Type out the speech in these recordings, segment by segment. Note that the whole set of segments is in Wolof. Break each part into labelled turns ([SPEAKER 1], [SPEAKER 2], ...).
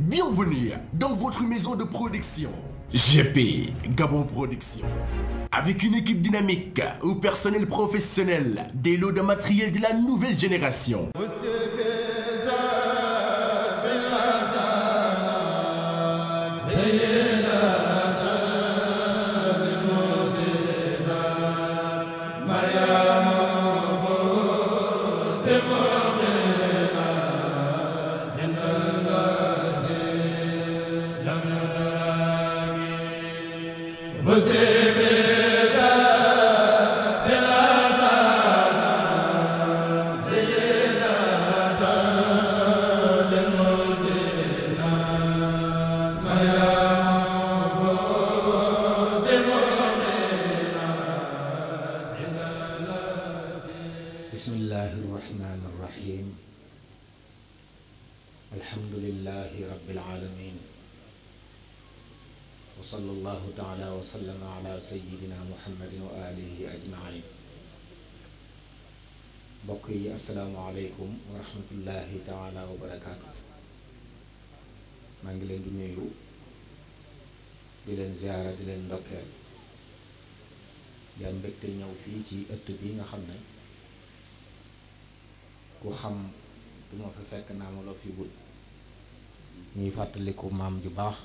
[SPEAKER 1] Bienvenue dans votre maison de production. GP Gabon Production. Avec une équipe dynamique, un personnel professionnel, des lots de matériel de la nouvelle génération.
[SPEAKER 2] ci ëtt bi nga xam ne ku xam du ma fekk naa ma loo fi wut ñuy fàttaliku maam ju baax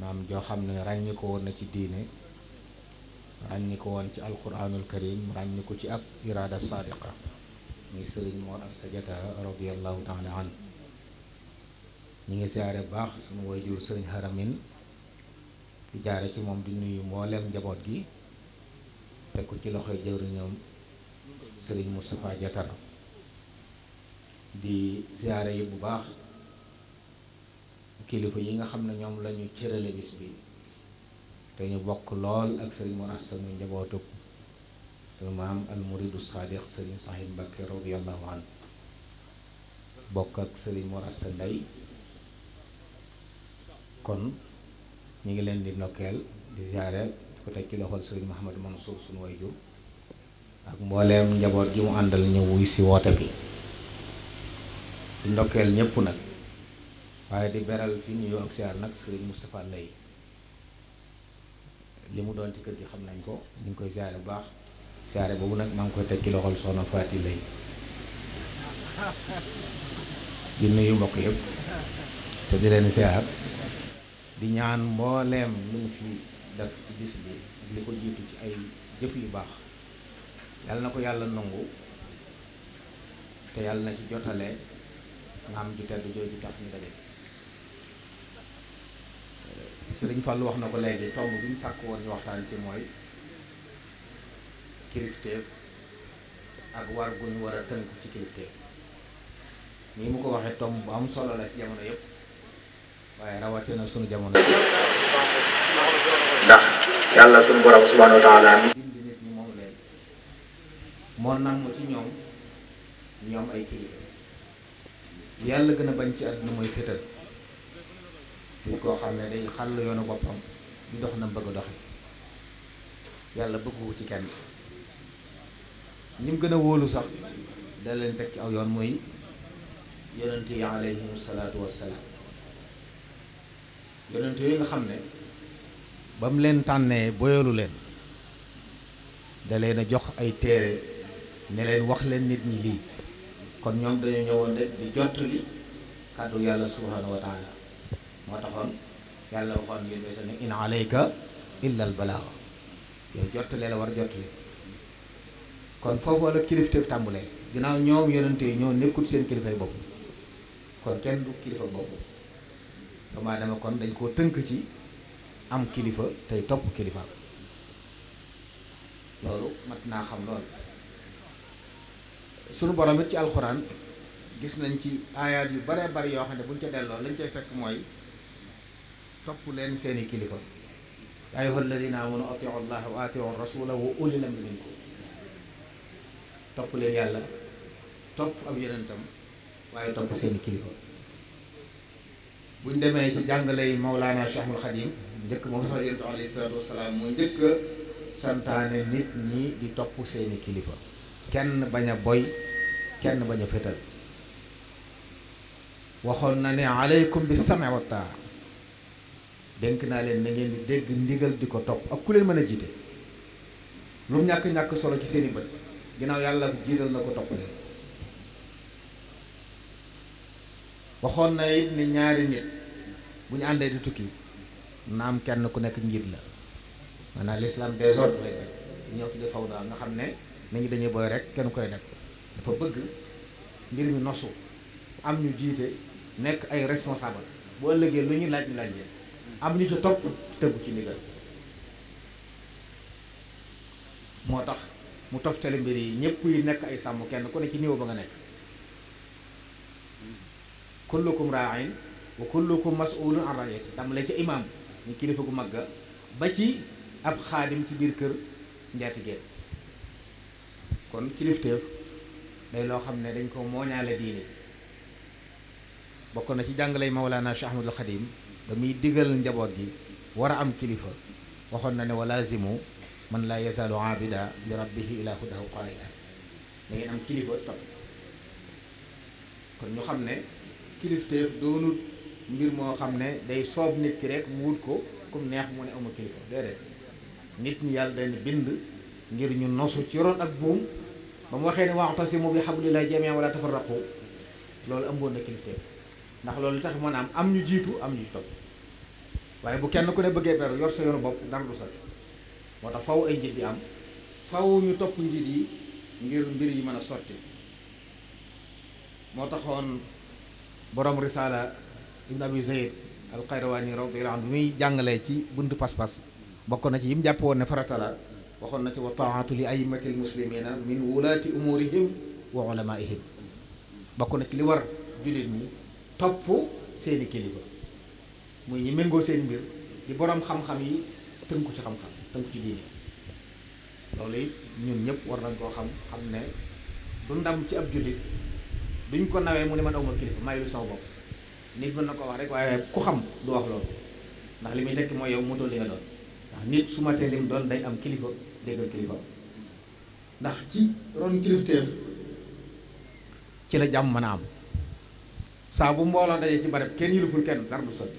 [SPEAKER 2] maam joo xam ne ràññi ko woon na ci diine ràññi ko woon ci alquranul karim ràññi ko ci ak iraada sadiqa muy sëriñ Mor Assa Diatara radiallahu taala ñi ngi siyaare baax sunu wayjur sëriñ Haramin di jaare ci moom di nuyu mboolem njaboot gi teg ko ci loxoy jëwriñam sëriñ Moustapha Diatara di siyaare yi bu baax kilifa yi nga xam ne ñoom lañu cërale bis bi te ñu bokk lool ak sëriñ Mor Asta muy njabootug suñu maam almuridu saadiq sëriñ Sahib Mbakke radiyallahu an bokk ak sëriñ Mor Asta Ndey kon ñu ngi leen di ndokkeel di siyaare ko teg ci loxol sëriñ Mouhamadou Mansour suñu waajur ak mbooleem njaboot ji mu àndal ñëw wuy si woote bi di ndokkeel ñépp nag waaye di beral fi nuyu ak siyaar nag sëriñ Lay li mu doon ci kër gi xam nañ ko ñu koy siyaare bu baax siyaare boobu nag maa ngi koy teg ci loxol soxna Faati Lay di nuyu mbokk yëpp te di leen siyaar di ñaan mbooleem lu fi def ci bis bi ak li ko jiitu ci ay jëf yu baax yàlla na ko yàlla nangu te yàlla na ci jotale nga am ju tedd jooju tax ñu daje sëriñ Fallou wax na ko léegi tomb bi ñu sàkk woon ñu waxtaan ci mooy kilifteef ak war gu ñu war a tënk ci kilifteef nii mu ko waxee tomb bu am solo la ci jamono yëpp waaye rawatina sunu jamono ndax yàlla sunu borom subhanahu wa taala dindi nit ñi moom leen moo nangu ci ñoom ñoom ay kilifa yàlla gën a bañ ci àdduna mooy fétal nit koo xam ne day xàll yoonu boppam di dox na bëgg a doxi yàlla bëggu ci kenn ñi mu gën a wóolu sax da leen teg ci aw yoon mooy yonent yi alayhim salaatu wassalaam yonent yooyu nga xam ne ba mu leen tànnee boyalu leen da leen a jox ay téere ne wax leen nit ñi lii kon ñoom dañu ñëwoon rek di jottali kàddu yàlla subhaanahu wa moo taxoon yàlla waxoon ngir besa ne in alayka illa al balaaga yow jottalee la war jottali kon foofu wala kilifteef tàmbulee ginnaaw ñoom yonent yi ñoo nekkul seen kilifay bopp kon kenn du kilifa bopp doomu aadama kon dañ koo tënk ci am kilifa tey topp kilifa loolu mat naa xam lool sunu borom it ci alxuraan gis nañ ci aayaat yu baree bari yoo xam ne buñ ca delloo lañ cay fekk mooy topp leen seeni kilifa yaa ayyuha alladina amanu atiu allaha wa atiu rasula wa ulil amri minkum topp leen yàlla topp ab yonentam waaye topp seeni kilifa buñ demee ci jàngale yi Mawlaana Xadim njëkk moom sax yonent alayhi salaatu wasalaam moo njëkk santaane nit ñi di topp seeni kilifa kenn bañ a boy kenn bañ a fétal waxoon na ne aleykum bi same wa naa leen na ngeen di dégg ndigal di ko topp ak ku leen mën a jiite lu ñàkk-ñàkk solo ci seeni bët ginnaaw yàlla jiital na ko topp leen waxoon na it ni ñaari nit bu ñu àndee di tukki naam kenn ku nekk njiit la maanaam l'islam désordre lay ñoo ci faw daal nga xam ne nit ñi dañuy booy rek kenn koy nekk dafa bëgg mbir mi nosu am ñu jiite nekk ay responsable bu ëllëgee lu ñuy laaj ñu laaj leen am ñu ci topp tëggu ci ndigal moo tax mu toftale mbir yi ñëpp yi nekk ay sàmm kenn ku ne ci niveau ba nga nekk kullukum raain wa kullukum masulun an raiyati tàmbalee ca imaam ñu kilifa gu mag ba ci ab xaadim ci biir kër njaatigéen kon kilifteef day loo xam ne dañ ko mooñaale diine bokk na ci jàngale Mawlana Cheikh Ahmadul Xadim ba muy digal njaboot gi war a am kilifa waxoon na ne walaazimu man laa yazaalu aabida li rabbihi ilaa hudahu qaa'ida da ngeen am kilifa topp kon ñu xam ne kilifteef doonul mbir moo xam ne day soob nit ki rek mu wut ko comme neex moo ne amul kilifa déedéet nit ñi yàlla dañ bind ngir ñu nosu ci yoroon ak buum ba mu waxee ne wa'tasimu bi hablillahi jami'an wala tafarraqu loolu amoon na kilifteef ndax loolu tax mën a am am ñu jiitu am ñu topp waaye bu kenn ku ne bëggee beru yor sa yoonu bopp dara du sot moo tax faw ay njiit di am faw ñu topp njiit yi ngir mbir yi mën a sotti moo taxoon borom risaala ibn abi zayd al qayrawani radiyallahu anhu bi muy jàngalee ci bunt pas-pas bokk na ci yi mu jàpp woon ne farata waxoon na ci wa taatu li aimati l muslimina min wulaati umurihim wa ulamaihim bokk na ci li war jullit ñi topp seeni kilifa muy ñi méngoo seen mbir di borom xam-xam yi tënku ci xam-xam tënku ci diine loolu it ñun ñëpp war nañ koo xam xam ne du ndam ci ab jullit biñ ko nawee mu ne man awma kilifa maa yëlu sama bopp nit mën na ko wax rek waaye ku xam du wax loolu ndax li muy tekki mooy yow moto li nga doon ndax nit su matee lim doon day am kilifa déggal kilifa ndax ci ron kilifteef ci la jàmm mën a am saa bu mbooloo dajee ci barab kenn yiliful kenn dara du sotti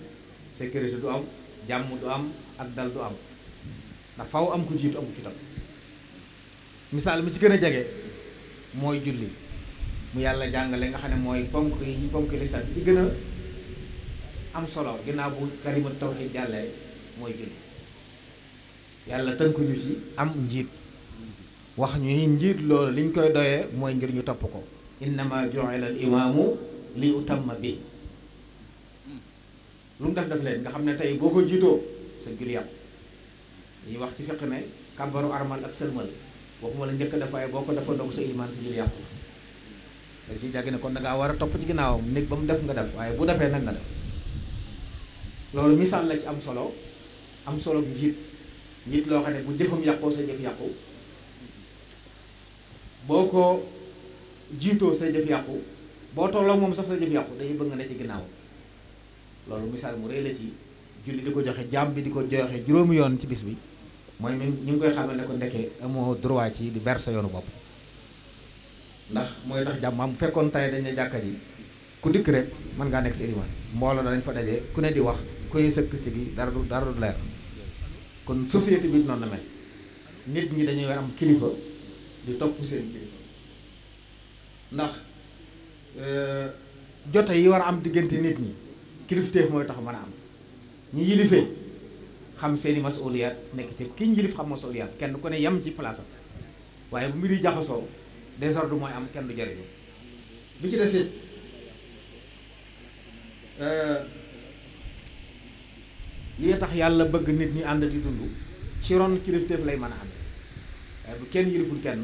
[SPEAKER 2] sécurité du am jàmm du am ak dal du am ndax faaw am ku jiitu am ku ci tam misaal mi ci gën a jege mooy julli mu yàlla jàngale nga xam ne mooy ponk yi ponk lislam bi ci gëna am solo ginnaaw bu taw tawxid jàllee mooy julli yàlla tënkuñu ci am njiit wax ñuy njiit loolu liñ koy doyee mooy ngir ñu topp ko innama ju'ila al imaamu li utamma bi lu mu def def leen nga xam ne tey boo ko jiitoo sa julli yàqu dañuy wax ci fekk ne kàbbaru armal ak sëlmal waxuma la njëkk dafaay boo ko dafa doog sa ilimaan sa julli yàqu da ciy jàgg ne kon da ngaa war a topp ci ginnaawam néeg ba mu def nga def waaye bu defee nag nga def loolu misaal la ci am solo am solo njiit njiit loo xam ne bu jëfam yàqoo sa jëf yàqu boo ko jiitoo sa jëf yàqu boo tolloo moom sax sa jëf yàqu dañuy bëgg nga ne ci ginnaaw loolu misaal mu rëy la ci julli di ko joxe jaam bi di ko joxe juróomi yoon ci bis bi mooy ñu ngi koy xamal ne ko ndekkee moo droit ci di ber sa yoonu bopp ndax mooy tax jàmm am fekkoon tay dañ ne jàkkat yi ku dikk rek mën ngaa nekk si iliman mbooloo dañ fa dajee ku ne di wax ku ne sëkk si dara du dara kon société bi noonu la mel nit ñi dañuy war am kilifa di topp seen kilifa ndax euh, jote yi war a am diggante nit ñi kilifteef mooy tax mën a am ñi yilifee xam seeni masuliyaat nekk ci ki yilif xam masuliyaat kenn ko ne yem ci place waaye bu yi jaxasoo désordre mooy am kenn du jariñu ci des it euh, li tax yàlla bëgg nit ñi ànd di dund ci ron kilifteef lay mën a ame waaye euh, bu kenn yiliful kenn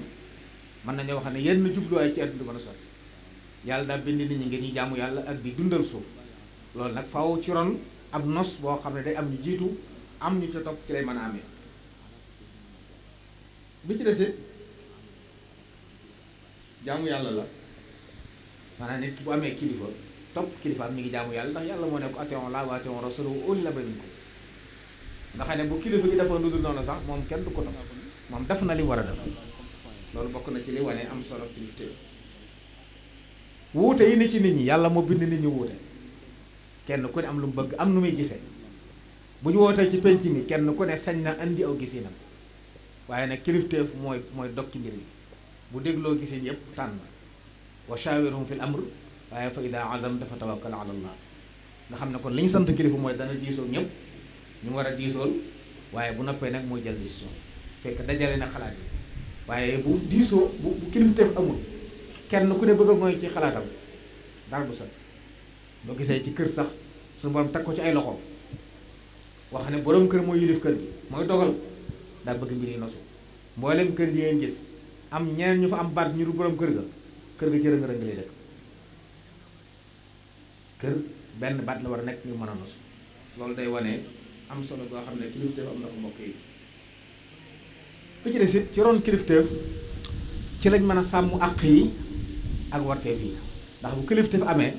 [SPEAKER 2] mën nañoo wax ne yenn ay ci àdduna mën a sotti yàlla daal bind nit ñi ngir ñu jàmm yàlla ak di dundal suuf loolu nag faaw ci ron ab nos boo xam ne day am ñu jiitu am ñu ca topp ci lay mën a amee bi ci des it jaamu yàlla la maanaam nit bu amee kilifa topp kilifaam mi ngi jaamu yàlla ndax yàlla moo ne ko atteon laa wa atteon rasul ulul amri ne bu kilifa gi defoon lu sax moom kenn du ko topp moom def na li war a def loolu bokk na ci li wane am solo kilifte wuute yi ci nit ñi yàlla moo bind nit ñi wuute kenn ku am lu bëgg am nu muy gisee bu ñu wootee ci penc mi kenn ku ne sañ na andi aw gisinam waaye nag kilifteef mooy mooy dog ci mbir mi bu dégloo gisee yëpp tànn wa shawirhum fil amr waaye fa ida azamta dafa tawakkal ala allah nga xam ne kon li ñu sant kilifa mooy dana diisoo ñëpp ñu war a diisool waaye bu nappee nag mooy jël décision fekk dajale na xalaat yi waaye bu diisoo bu bu kilifa amul kenn ku ne bëgg a mooy ci xalaatam dara du sant boo gisee ci kër sax su borom teg ko ci ay loxoom wax ne borom kër mooy yilif kër gi mooy dogal daa bëgg mbir yi nosu mboolem kër yi ngeen gis am ñeneen ñu fa am baat ñu du borom kër ga kër ga ci rëng-rëng lay dëkk kër benn baat la war a nekk ñu mën a nos loolu day wane am solo goo xam ne kilifteef am na ko mbokk yi bi ci des it ci ron kilifteef ci lañ mën a sàmm àq yi ak warteef yi ndax bu kilifteef amee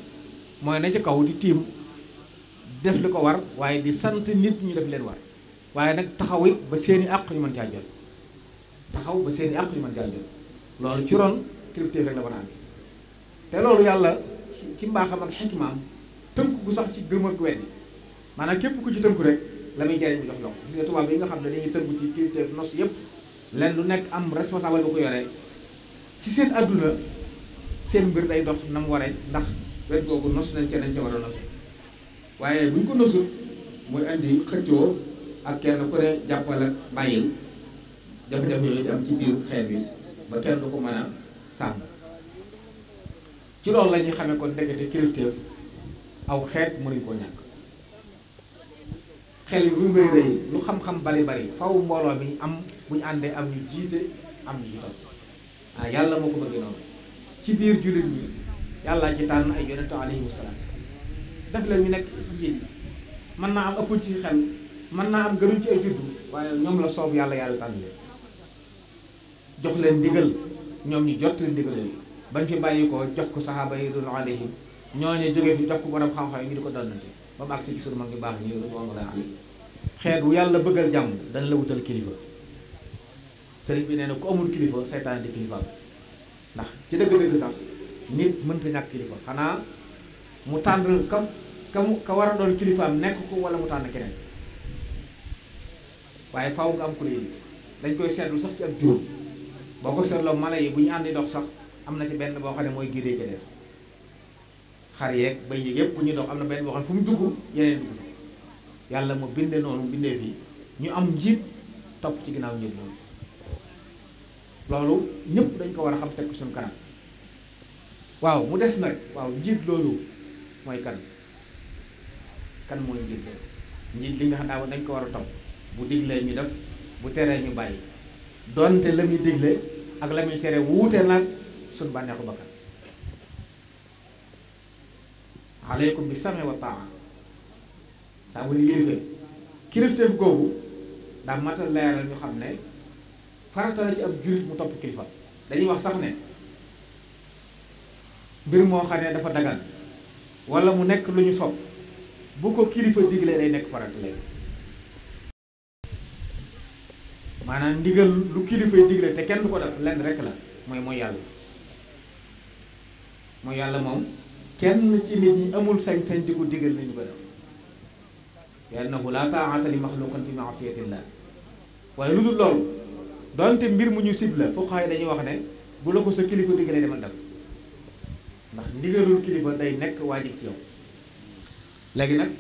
[SPEAKER 2] mooy na ci kaw di tiim def li ko war waaye di sant nit ñu def leen war waaye nag taxaw it ba seeni àq ñu mën caa jot taxaw ba seeni i àq ñu mën loolu ci ron kilifteef rek la mën a amee te loolu yàlla ci mbaaxam ak xikmaam tënk ku sax ci gëm ko weddi maanaam képp ku ci tënku rek la muy jariñ mu jox loxo gis nga yi nga xam ne dañuy tënku ci kilifteef nos yëpp leen lu nekk am responsable bu ko yoree ci seen adduna seen mbir day dox na mu waree ndax wet googu nos nañ ca nañ ca war a nos waaye buñ ko nosul muy andi xëccoo ak kenn ku ne jàppal ak bàyyil jafe-jafe yooyu di am ci biir xeet bi ba kenn du ko mën a sàmm ci loolu la ñuy xamee ndekete kilifteef aw xeet mënuñ koo ñàkk xel yi lu muy rëy lu xam-xam bari bari faw mbooloo bi am bu ñu àndee am ñu jiite am ñu jiital ah yàlla ko bëgg noonu ci biir jullit ñi yàllaa ci ay yonent alayhi wasalaam ñu nekk njiit yi mën naa am ëpp ci xel mën naa am gënuñ ci ay juddu waaye ñoom la soob yàlla yàlla tànn leen jox leen ndigal ñoom ñu jot leen ndigal yooyu bañ fi bàyyi ko jox ko saxaaba yi doon alayhim ñooñu jógee fi jox ko borom xam-xam yi ñu di ko donnante ba mu agsi ci sunu mag ñu baax ñu rahmatullahi alayhim xeet wu yàlla bëggal jàmm dana la wutal kilifa bi nee na ku amul kilifa seytaane ndax ci dëgg-dëgg sax nit mënta ñàkk xanaa mu tànd kam kamu ka war a doon kilifaam nekk ko wala mu tànn keneen waaye faaw nga am ku la yilif dañ koy seetlu sax ci ak juróom boo ko seetloo mala yi bu ñu àndi dox sax am na ci benn boo xam ne mooy giiree ca des xar yeeg bay yeeg yëpp ñuy dox am na benn boo xam fu mu dugg yeneen dugg fa yàlla mu binde noonu bindee fii ñu am njiit topp ci ginnaaw njiit loolu loolu ñëpp dañ ko war a xam teg ko suñu kanam waaw mu des nag waaw njiit loolu mooy kan kan mooy njiit loolu njiit li nga xam daa dañ ko war a topp bu diglee ñu def bu teree ñu bàyyi donte la muy digle ak la muy tere wuute nag suñ bànneexu bakkan aleykum bi same wa taa saa bu ñu yilifee kilifteef googu daa mat a leeral xam ne farata la ci ab jurit mu topp kilifa dañuy wax sax ne mbir moo xam ne dafa dagan wala mu nekk lu ñu sopp bu ko kilifa diglee day nekk farata maanaam ndigal lu kilifay digle te kenn du ko def lenn rek la mooy moo yàlla mooy yàlla moom kenn ci nit ñi amul sañ-sañ di ko digal nañu ko def liannahu la taa'ata li maxluqin fi maasiyatillah waaye lu dul loolu doonte mbir mu ñu sib la fuqaha yi dañuy wax ne bu la ko sa kilifa digalee demal def ndax ndigalul kilifa day nekk waajib ci yow léegi nag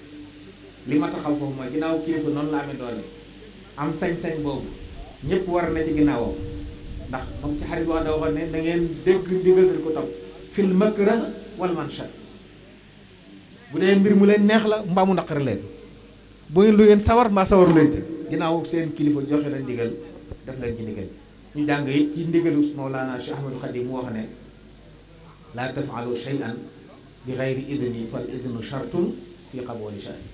[SPEAKER 2] li ma taxaw foofu mooy ginnaaw kilifa noonu la amee doole am sañ-sañ boobu ñëpp war na ci ginnaawam ndax moom ci xarit wax da waxoon ne na ngeen dégg ndigal dañ ko topp fil makra wal mansha bu dee ngir mu leen neex la mbaa mu leen bu ngeen lu ngeen sawar mbaa sawar leen te ginnaaw seen kilifa joxe na ndigal def leen ci ndigal ñu jàng it ci ndigalu Mawlana Cheikh Ahmadou Khadim mu wax ne laa tafaalu shay'an bi xayri idni fal idnu shartun fii qabooli shay'in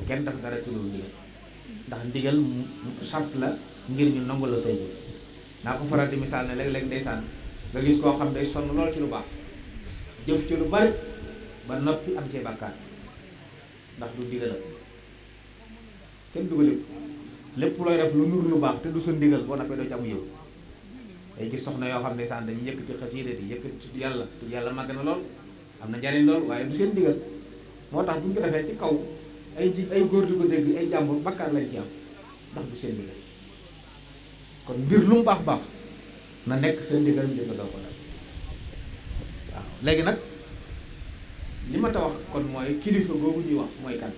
[SPEAKER 2] bu kenn def dara ci loolu ndigal ndax ndigal charte la ngir ñu nangu la say jëf naa ko faral di misaal ne léeg-léeg ndeysaan nga gis koo xam day sonn lool ci lu baax jëf ci lu bari ba noppi am cee bàkkaar ndax du digal ak kenn def lu nur lu baax te du sa ndigal boo nappee doo ci am yëw day soxna yoo xam ne saan dañuy yëkkati xasiida di yëkkati tudd yàlla tudd yàlla màgg na am na njariñ lool waaye du seen moo tax bu ko defee ci kaw ay ji ay góor di ko dégg ay jàmbur lañ ci am ndax du seen ndigal kon mbir lu mu baax baax na nekk seen ndigal ngir doo ko def waaw léegi nag li ma ta wax kon mooy kilifa googu ñuy wax mooy kan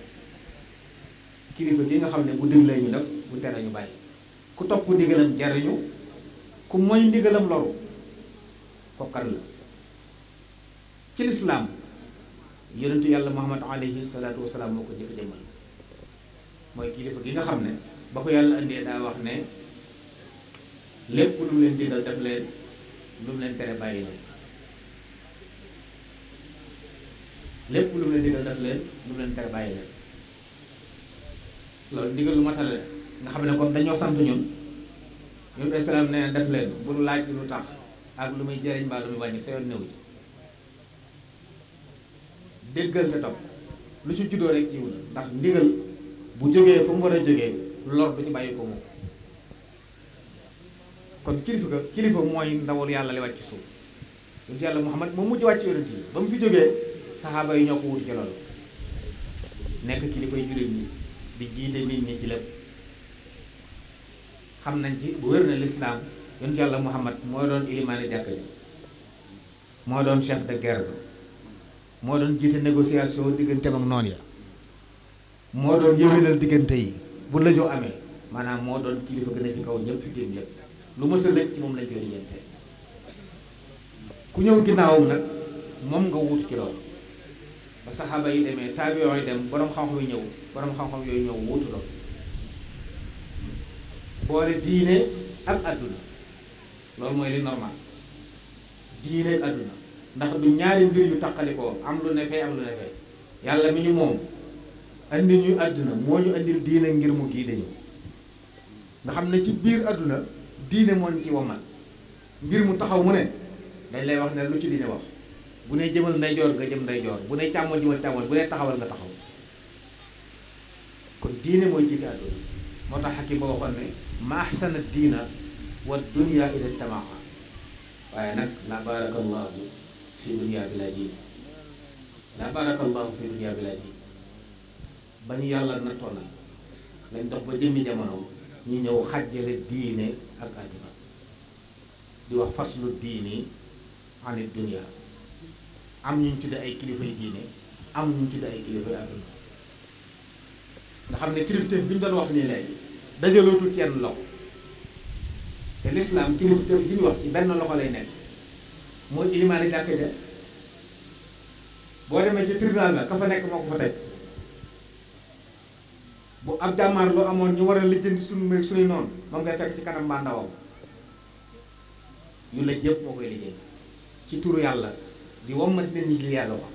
[SPEAKER 2] kilifa gi nga xam ne bu diglee ñu def bu tere ñu bàyyi ku topp ndigalam jariñu ku mooy ndigalam loru ko la ci lislaam yonentu yàlla muhammad alayhi salaatu wasalaam moo ko jëkk jëmmal mooy kilifa gi nga xam ne ba ko yàlla indee daa wax ne lépp lu mu leen digal def leen lu mu leen tere bàyyi leen lépp lu mu leen digal def leen lu mu leen tere bàyyi leen loolu digal lu ma tale nga xam ne comme dañoo sant ñun ñun de salaam nee na def leen bul laaj lu tax ak lu muy jëriñ mbaa lu muy wàññi seen néew ji déggal te topp lu ci juddoo rek jiw la ndax ndigal bu jógee fu mu a jógee lor du ci bàyyi ko moom kon kilifa kilifa mooy ndawal yàlla li wàcc suuf yonent yàlla Muhammad moom mujj wàcc yonent yi ba mu fi jógee saxaaba yi ñoo ko wut ci loolu nekk kilifa yu jullit ñi di jiite nit ñi ci xam nañ ci bu wér na lislaam yonent yàlla Muhammad moo doon ilimaani jàkk ji moo doon chef de guerre moo doon jiite négociation diggante ak noon ya moo doon yëwénal diggante yi bu la amee maanaam moo doon kilifa gën a ci kaw ñëpp jëm ñëpp lu mës a lëj ci moom lañ koy lijjantee ku ñëw ginnaawam nag moom nga wuutu ci loolu ba saxaaba yi demee taabiyoon yi dem boroom xam-xam yi ñëw boroom xam yooyu ñëw wuutu loolu boole diine ak àdduna loolu mooy li normal diine ak àdduna ndax du ñaari mbir yu taqalikoo am lu ne am lu ne yàlla mi ñu moom andi ñuy àdduna moo ñu andil diine ngir mu giide ñu nga xam ne ci biir àdduna diine mooñ ci womal mbir mu taxaw mu ne dañ lay wax ne lu ci diine wax bu ne jëmal ndeyjoor nga jëm ndeyjoor bu ne càmmoñ jëmal càmmoñ bu ne taxawal nga taxaw kon diine mooy jiite àdduna moo tax xakim ba waxoon ne ma ahsana diina wa dunya ila tamaa waaye nag la barakallahu fi dunya bi la diine la barakallahu fi dunya bi la diine ba ñu yàlla nattoon na lañ dox ba jëmmi jamono ñu ñëw xàjjale diine ak àdduna di wax faslu diini anit dunia am ñu tudde ay kilifay diine am ñu tudde ay kilifay àdduna nga xam ne kilifteef bi ñu doon wax nii léegi dajalootul seen loxo te lislaam kilifteef ji ñu wax ci benn loxo lay nekk mooy ilimaani jàkk ja boo demee ci tribunal ba ka fa nekk moo ko fa teg bu ab jàmmaar loo amoon ñu war a lijjanti suñu mbéy suñuy noonu moom ngay fekk ci kanam mbàndawam yu lëj yëpp moo koy lijjanti ci turu yàlla di wommat nit ñi li yàlla wax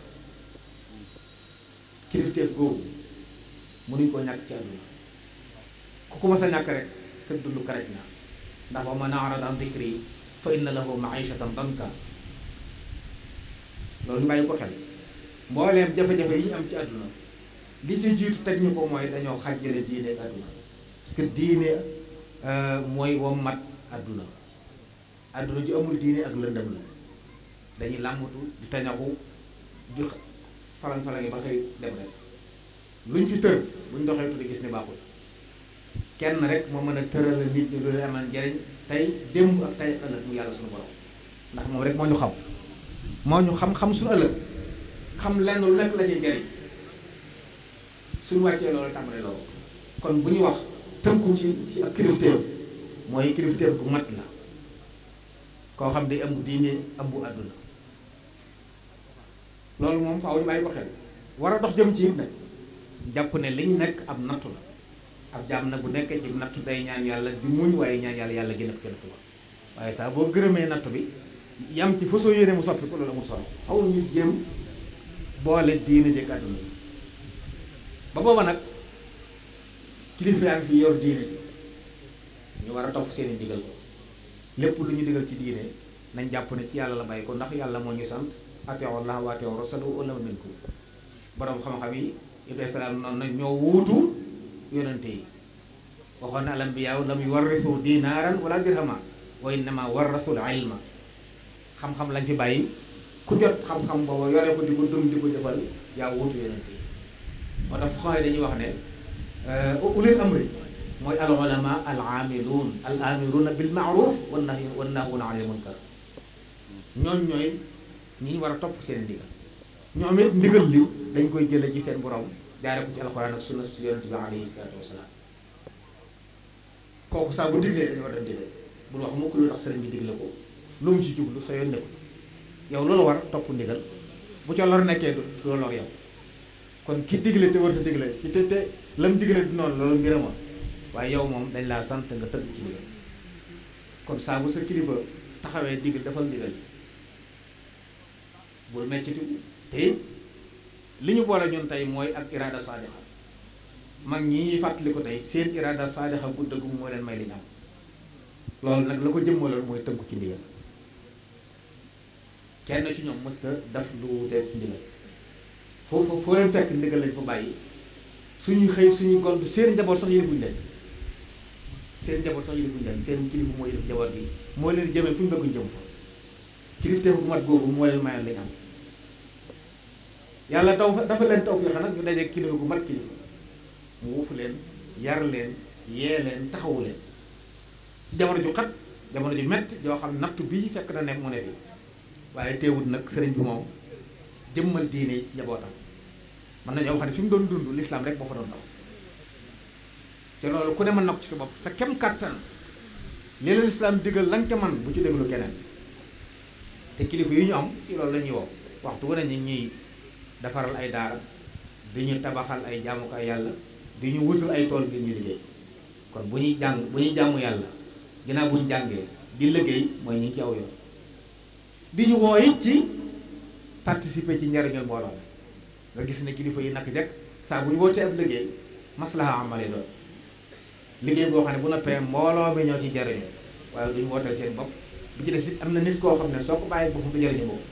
[SPEAKER 2] kilifteef googu mënuñ koo ñàkk ci àdduna ku ko mas a ñàkk rek sa dund karaj na ndax wa man arada an dikri fa inna lahu maishatan danka loolu ñu ko xel mbooleem jafe-jafe yi am ci àdduna li ci jiitu teg ñu ko mooy dañoo xàjjale diine àdduna parce que diine euh, mooy wommat àdduna àdduna ji amul diine ak lëndëm la dañuy làmbatu di tañaxu di falang-falangi ba xëy dem rek luñ fi tër buñ doxee tuuti gis ni baaxul kenn rek moo mën a tërala nit ñi lu leen amal njariñ tey démb ak tey ëllëg mu yàlla suñu borom ndax moom rek moo ñu xam moo ñu xam xam suñu ëllëg xam lenn lu nekk la ñuy suñu wàccee loolu tàmbale loolu kon bu ñu wax tënku ci ci ak kilifteef mooy kilifteef bu mat la koo xam day ëmb diine ëmb àdduna loolu moom faaw ñu bàyyi ko xel war a dox jëm ci it nag jàpp ne li ñu nekk ab nattu la ab jaam na bu nekkee ci nattu day ñaan yàlla di muñ waaye ñaan yàlla yàlla gën a kenn ko waaye saa boo gërëmee nattu bi yam ci fasoo yéene mu soppi ko loolu amul solo xaw ñu jéem boole diine jëkk àdduna bi ba booba nag kilifa fi yor diine ji ñu war a topp seeni ndigal ko lépp lu ñu digal ci diine nañ jàpp ne ci yàlla la bàyyi ko ndax yàlla moo ñu sant ateewu allah wa ateewu rasulu wala minkum boroom xam-xam yi Ibrahima salaam noonu na ñoo wuutu yonente yi waxoon na alambiyaaw lam yuwarrisu dinaaran wala dirhama wa innama warrasul ilma xam-xam lañ fi bàyyi ku jot xam-xam booba yore ko di ko di ko jëfal yaa wuutu yonente yi moo tax fuqahaa yi dañuy wax ne euh, ulil amri mooy al ulama al aamiluun al aamiruuna bil maaruf wan nahy wan ñooñ ñooy ñi war a topp seen ndigal ñoom it ndigal dañ koy jël ci seen borom jaare ko ci alxuraan ak sunna si yonent bi alayhi salaatu wasalaam kooku saa bu diglee dañu war a digal bul wax mukk lu tax sëriñ bi digle ko lu mu ci jublu sa yoon nekk yow loolu war topp ndigal bu ca nekkee du loolu lor kon ki digle te warut a digle ki te te lam digle du noonu loolu mbirama waaye yow moom dañ laa sant nga tëdd ci ndigal kon saa sa kilifa taxawee digal dafal ndigal bul mecciti li ñu boole ñun tey mooy ak mag ñi ñuy tey seen irada saadixa bu dëggum loolu nag la ko jëmmaloon mooy tënku ci ndigal kenn ci ñoom mësta daf lu wuteeg ndigal foofu foo leen fekk ndigal lañ fa bàyyi suñuy xëy suñuy gont seen njaboot sax yëlifuñu leen seen njaboot sax yëlifuñu leen seen kilifa mooy yëlif njaboot gi mooy leen jëmee fu ñu bëgg ñu jëm fa kilifteef gu mat googu am yàlla taw dafa leen taw fii xanaa ñu daje kilifa gu mat kilifa mu wuuf leen yar leen yee leen jamono ju xat jamono ju mett yoo xam nattu bii fekk na nekk ne waaye teewut nag sëriñ bi moom jëmmal diine ci njabootam mën nañoo wax ne fi mu doon dund l'islam rek boo fa doon daw te loolu ku ne mën na ci sa bopp sa kem kàttan li leen islam digal lan ca man bu ci déglu keneen te kilifa yi ñu am ci loolu la ñuy wax waxtu wane ñi ñuy defaral ay daara di ñu tabaxal ay jàmmukaay yàlla di ñu wutul ay tool gi ñu liggéey kon bu ñuy jàng bu ñuy jaamu yàlla ginnaaw bu jàngee di liggéey mooy ñu ngi ci aw yoon di ñu woo it ci participer ci njariñul mbooloo nga gis ne kilifa yi naka jekk saa bu ñu wootee ab liggéey maslaha am ma lay doon liggéey boo xam ne bu noppee mbooloo bi ñëw ci jariñu waaye duñ wooteel seen bopp bi ci des am na nit koo xam ne soo ko bu boppam du jariñu boobu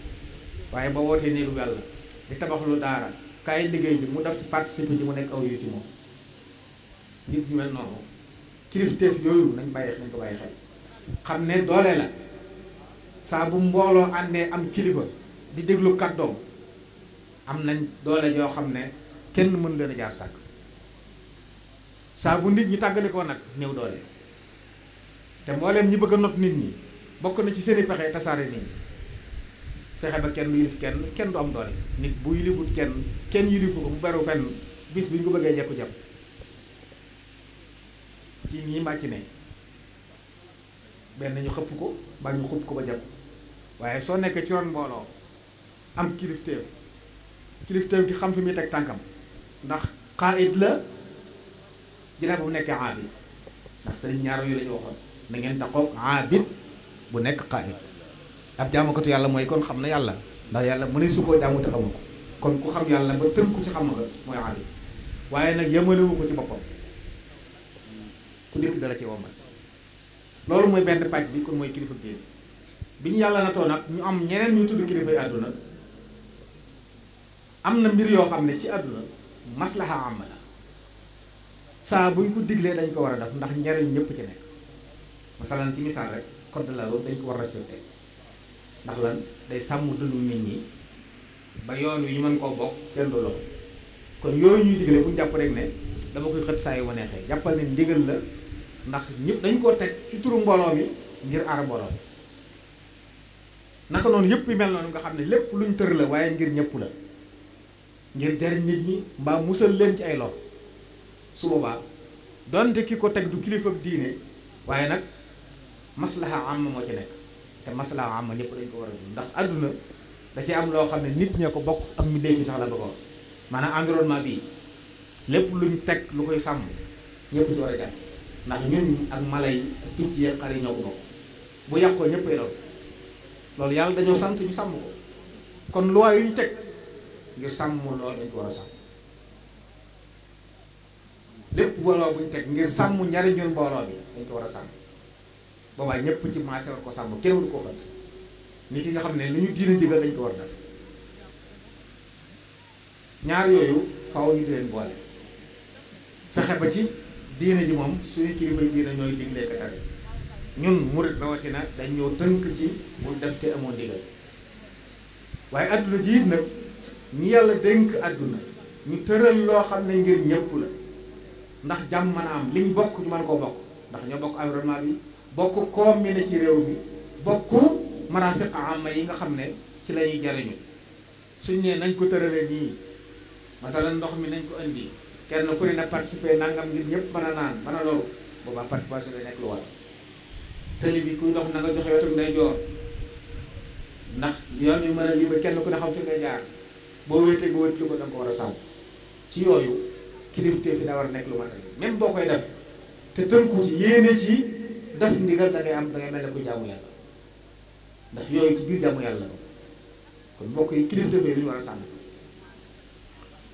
[SPEAKER 2] waaye ba wootee néegu yàlla di tabaxlu daara kaay liggéey ji mu def ci participer ji mu nekk aw yu ci moom nit ñu mel noonu kilifteef yooyu nañ bàyyi nañ ko bàyyi xel xam ne doole la saa bu mbooloo àndee am kilifa di déglu kàddoom am nañ doole ñoo xam ne kenn mën leen a jaar sàkk saa bu nit ñi tàggale ko nag néew doole te mbooleem ñi bëgg not nit ñi bokk na ci seen i pexe tasaare nit ñi fexe ba kenn du yilif kenn kenn du am doole nit bu yilifut kenn kenn yilifu ko mu beru fenn biis bi ñu ko bëggee jekku jàpp ci nii màcc ne benn ñu xëpp ko ba ñu xupp ko ba jàpp waaye soo nekkee ci yoon mbooloo am kilifteef kilifteef gi xam fi muy teg tànkam ndax xaayit la ginnaaw bu nekkee aabid ndax sëriñ ñaar yooyu la ñu waxoon na ngeen taqoog bu nekk xaayit ab jaamukatu yàlla mooy kon xam na yàlla ndax yàlla mu ne su koo jaamu te xamu ko kon ku xam yàlla ba tënku ci xam nga mooy aabid waaye nag yemalewu ko ci boppam ku dikk dala ci womal loolu mooy benn pàcc bi kon mooy kilifa génn bi ñu yàlla natoo nag ñu am ñeneen ñu tudd kilifa àdduna am na mbir yoo xam ne ci àdduna maslaha am la saa buñ ko diglee dañ ko war a def ndax njariñ ñëpp ci nekk masalan ci misaal rek code la route dañ ko war a respecté ndax lan day sàmm dundu nit ñi ba yoon wi ñu mën koo bokk kenn du loolu kon yooyu ñuy digle bu ñu jàpp rek ne dama koy xët saa yu wanee xëy jàppal ne ndigal la ndax ñëpp dañ koo teg ci turu mbooloo mi ngir aar mbooloo mi naka noonu yëpp yu mel noonu nga xam ne lépp luñ tër la waaye ngir ñëpp la ngir jariñ nit ñi mbaa musal leen ci ay lor su boobaa donte ki ko teg du kilifa ak diine waaye nag maslaha am moo ci nekk te maslaha am ñëpp dañ ko war ndax àdduna da ci am loo xam ne nit ñee ko bokk ak mi dee fi sax la bëgg a wax maanaam bii lépp luñ teg lu koy sàmm ñëpp ci war a jàpp ndax ñun ak mala yi ak picc yi yi ñoo ko bokk bu yàqoo ñëppay doon loolu yàlla dañoo sant ñu sàmm ko kon loi teg. ngir sàmm loolu dañ ko war a sàmm lépp mbooloo buñ teg ngir sàmm njariñul mbooloo bi dañ ko war a sàmm boobaa ñëpp ci maase war ko sàmm kenn waru ko xëtt ni ki nga xam ne lu ñu diine digal dañ ko war a def ñaar yooyu faw ñu di leen boole fexe ba ci diine ji moom suñu kilifay diine ñooy diglee ka tare ñun murit rawatina dañ ñëw tënk ci bul def te amoo ndigal waaye adduna ji nag ñi yàlla dénk àdduna ñu tëral loo xam ne ngir ñëpp la ndax jàmm mën a am liñ bokk ñu mën koo bokk ndax ñoo bokk environnement bi bokk koo mi ne ci réew mi bokk marafiq amma yi nga xam ne ci la ñuy jariñu suñ nee nañ ko tërale nii masalan ndox mi nañ ko indi kenn ku ne na participer nangam ngir ñëpp mën a naan mën a loolu boobaa participation day nekk lu war tëli bi kuy dox na nga joxe wetu ndeyjoor ndax yoon yu mën a lii ba kenn ku ne xam fi nga boo wéetee boo wéet ko da ko war a sàmm ci yooyu kilifteef fi daa war a nekk lu mat a même boo koy def te tënku ci yéene ci def ndigal da ngay am da ngay ko jaamu yàlla ndax yooyu ci biir jaamu yàlla la ko kon mbokk yi kilifteef yooyu dañu war a sàmm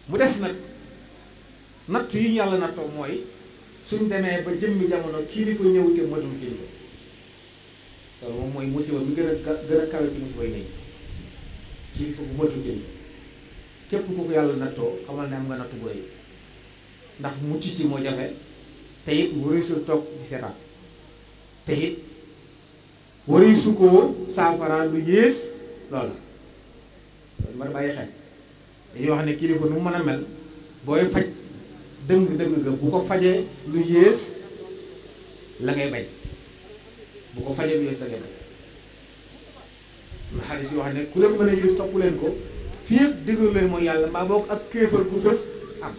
[SPEAKER 2] mu des nag natt yi ñu yàlla nattoo mooy suñ demee ba jëmmi jamono kilifa ñëw te matul kilifa moom mooy musiba mi gën a gën ci musiba yi kilifa bu matul kilifa képp ku ko yàlla nattoo xamal ne am nga natt bu rëy ndax mucc ci moo jafe te it warisul toog di seetaan te it warisu ko saafara lu yées loolu loolu ma bàyyi xel dañuy wax ne kilifa nu mu mën a mel booy faj dëng-dëng ga bu ko fajee lu yées la ngay bañ bu ko fajee lu yées la ngay bañ ma xadis yi wax ne ku leen mën a yilif topp leen ko fii ak dëgër mooy yàlla mbaa boog ak kéefal gu fës am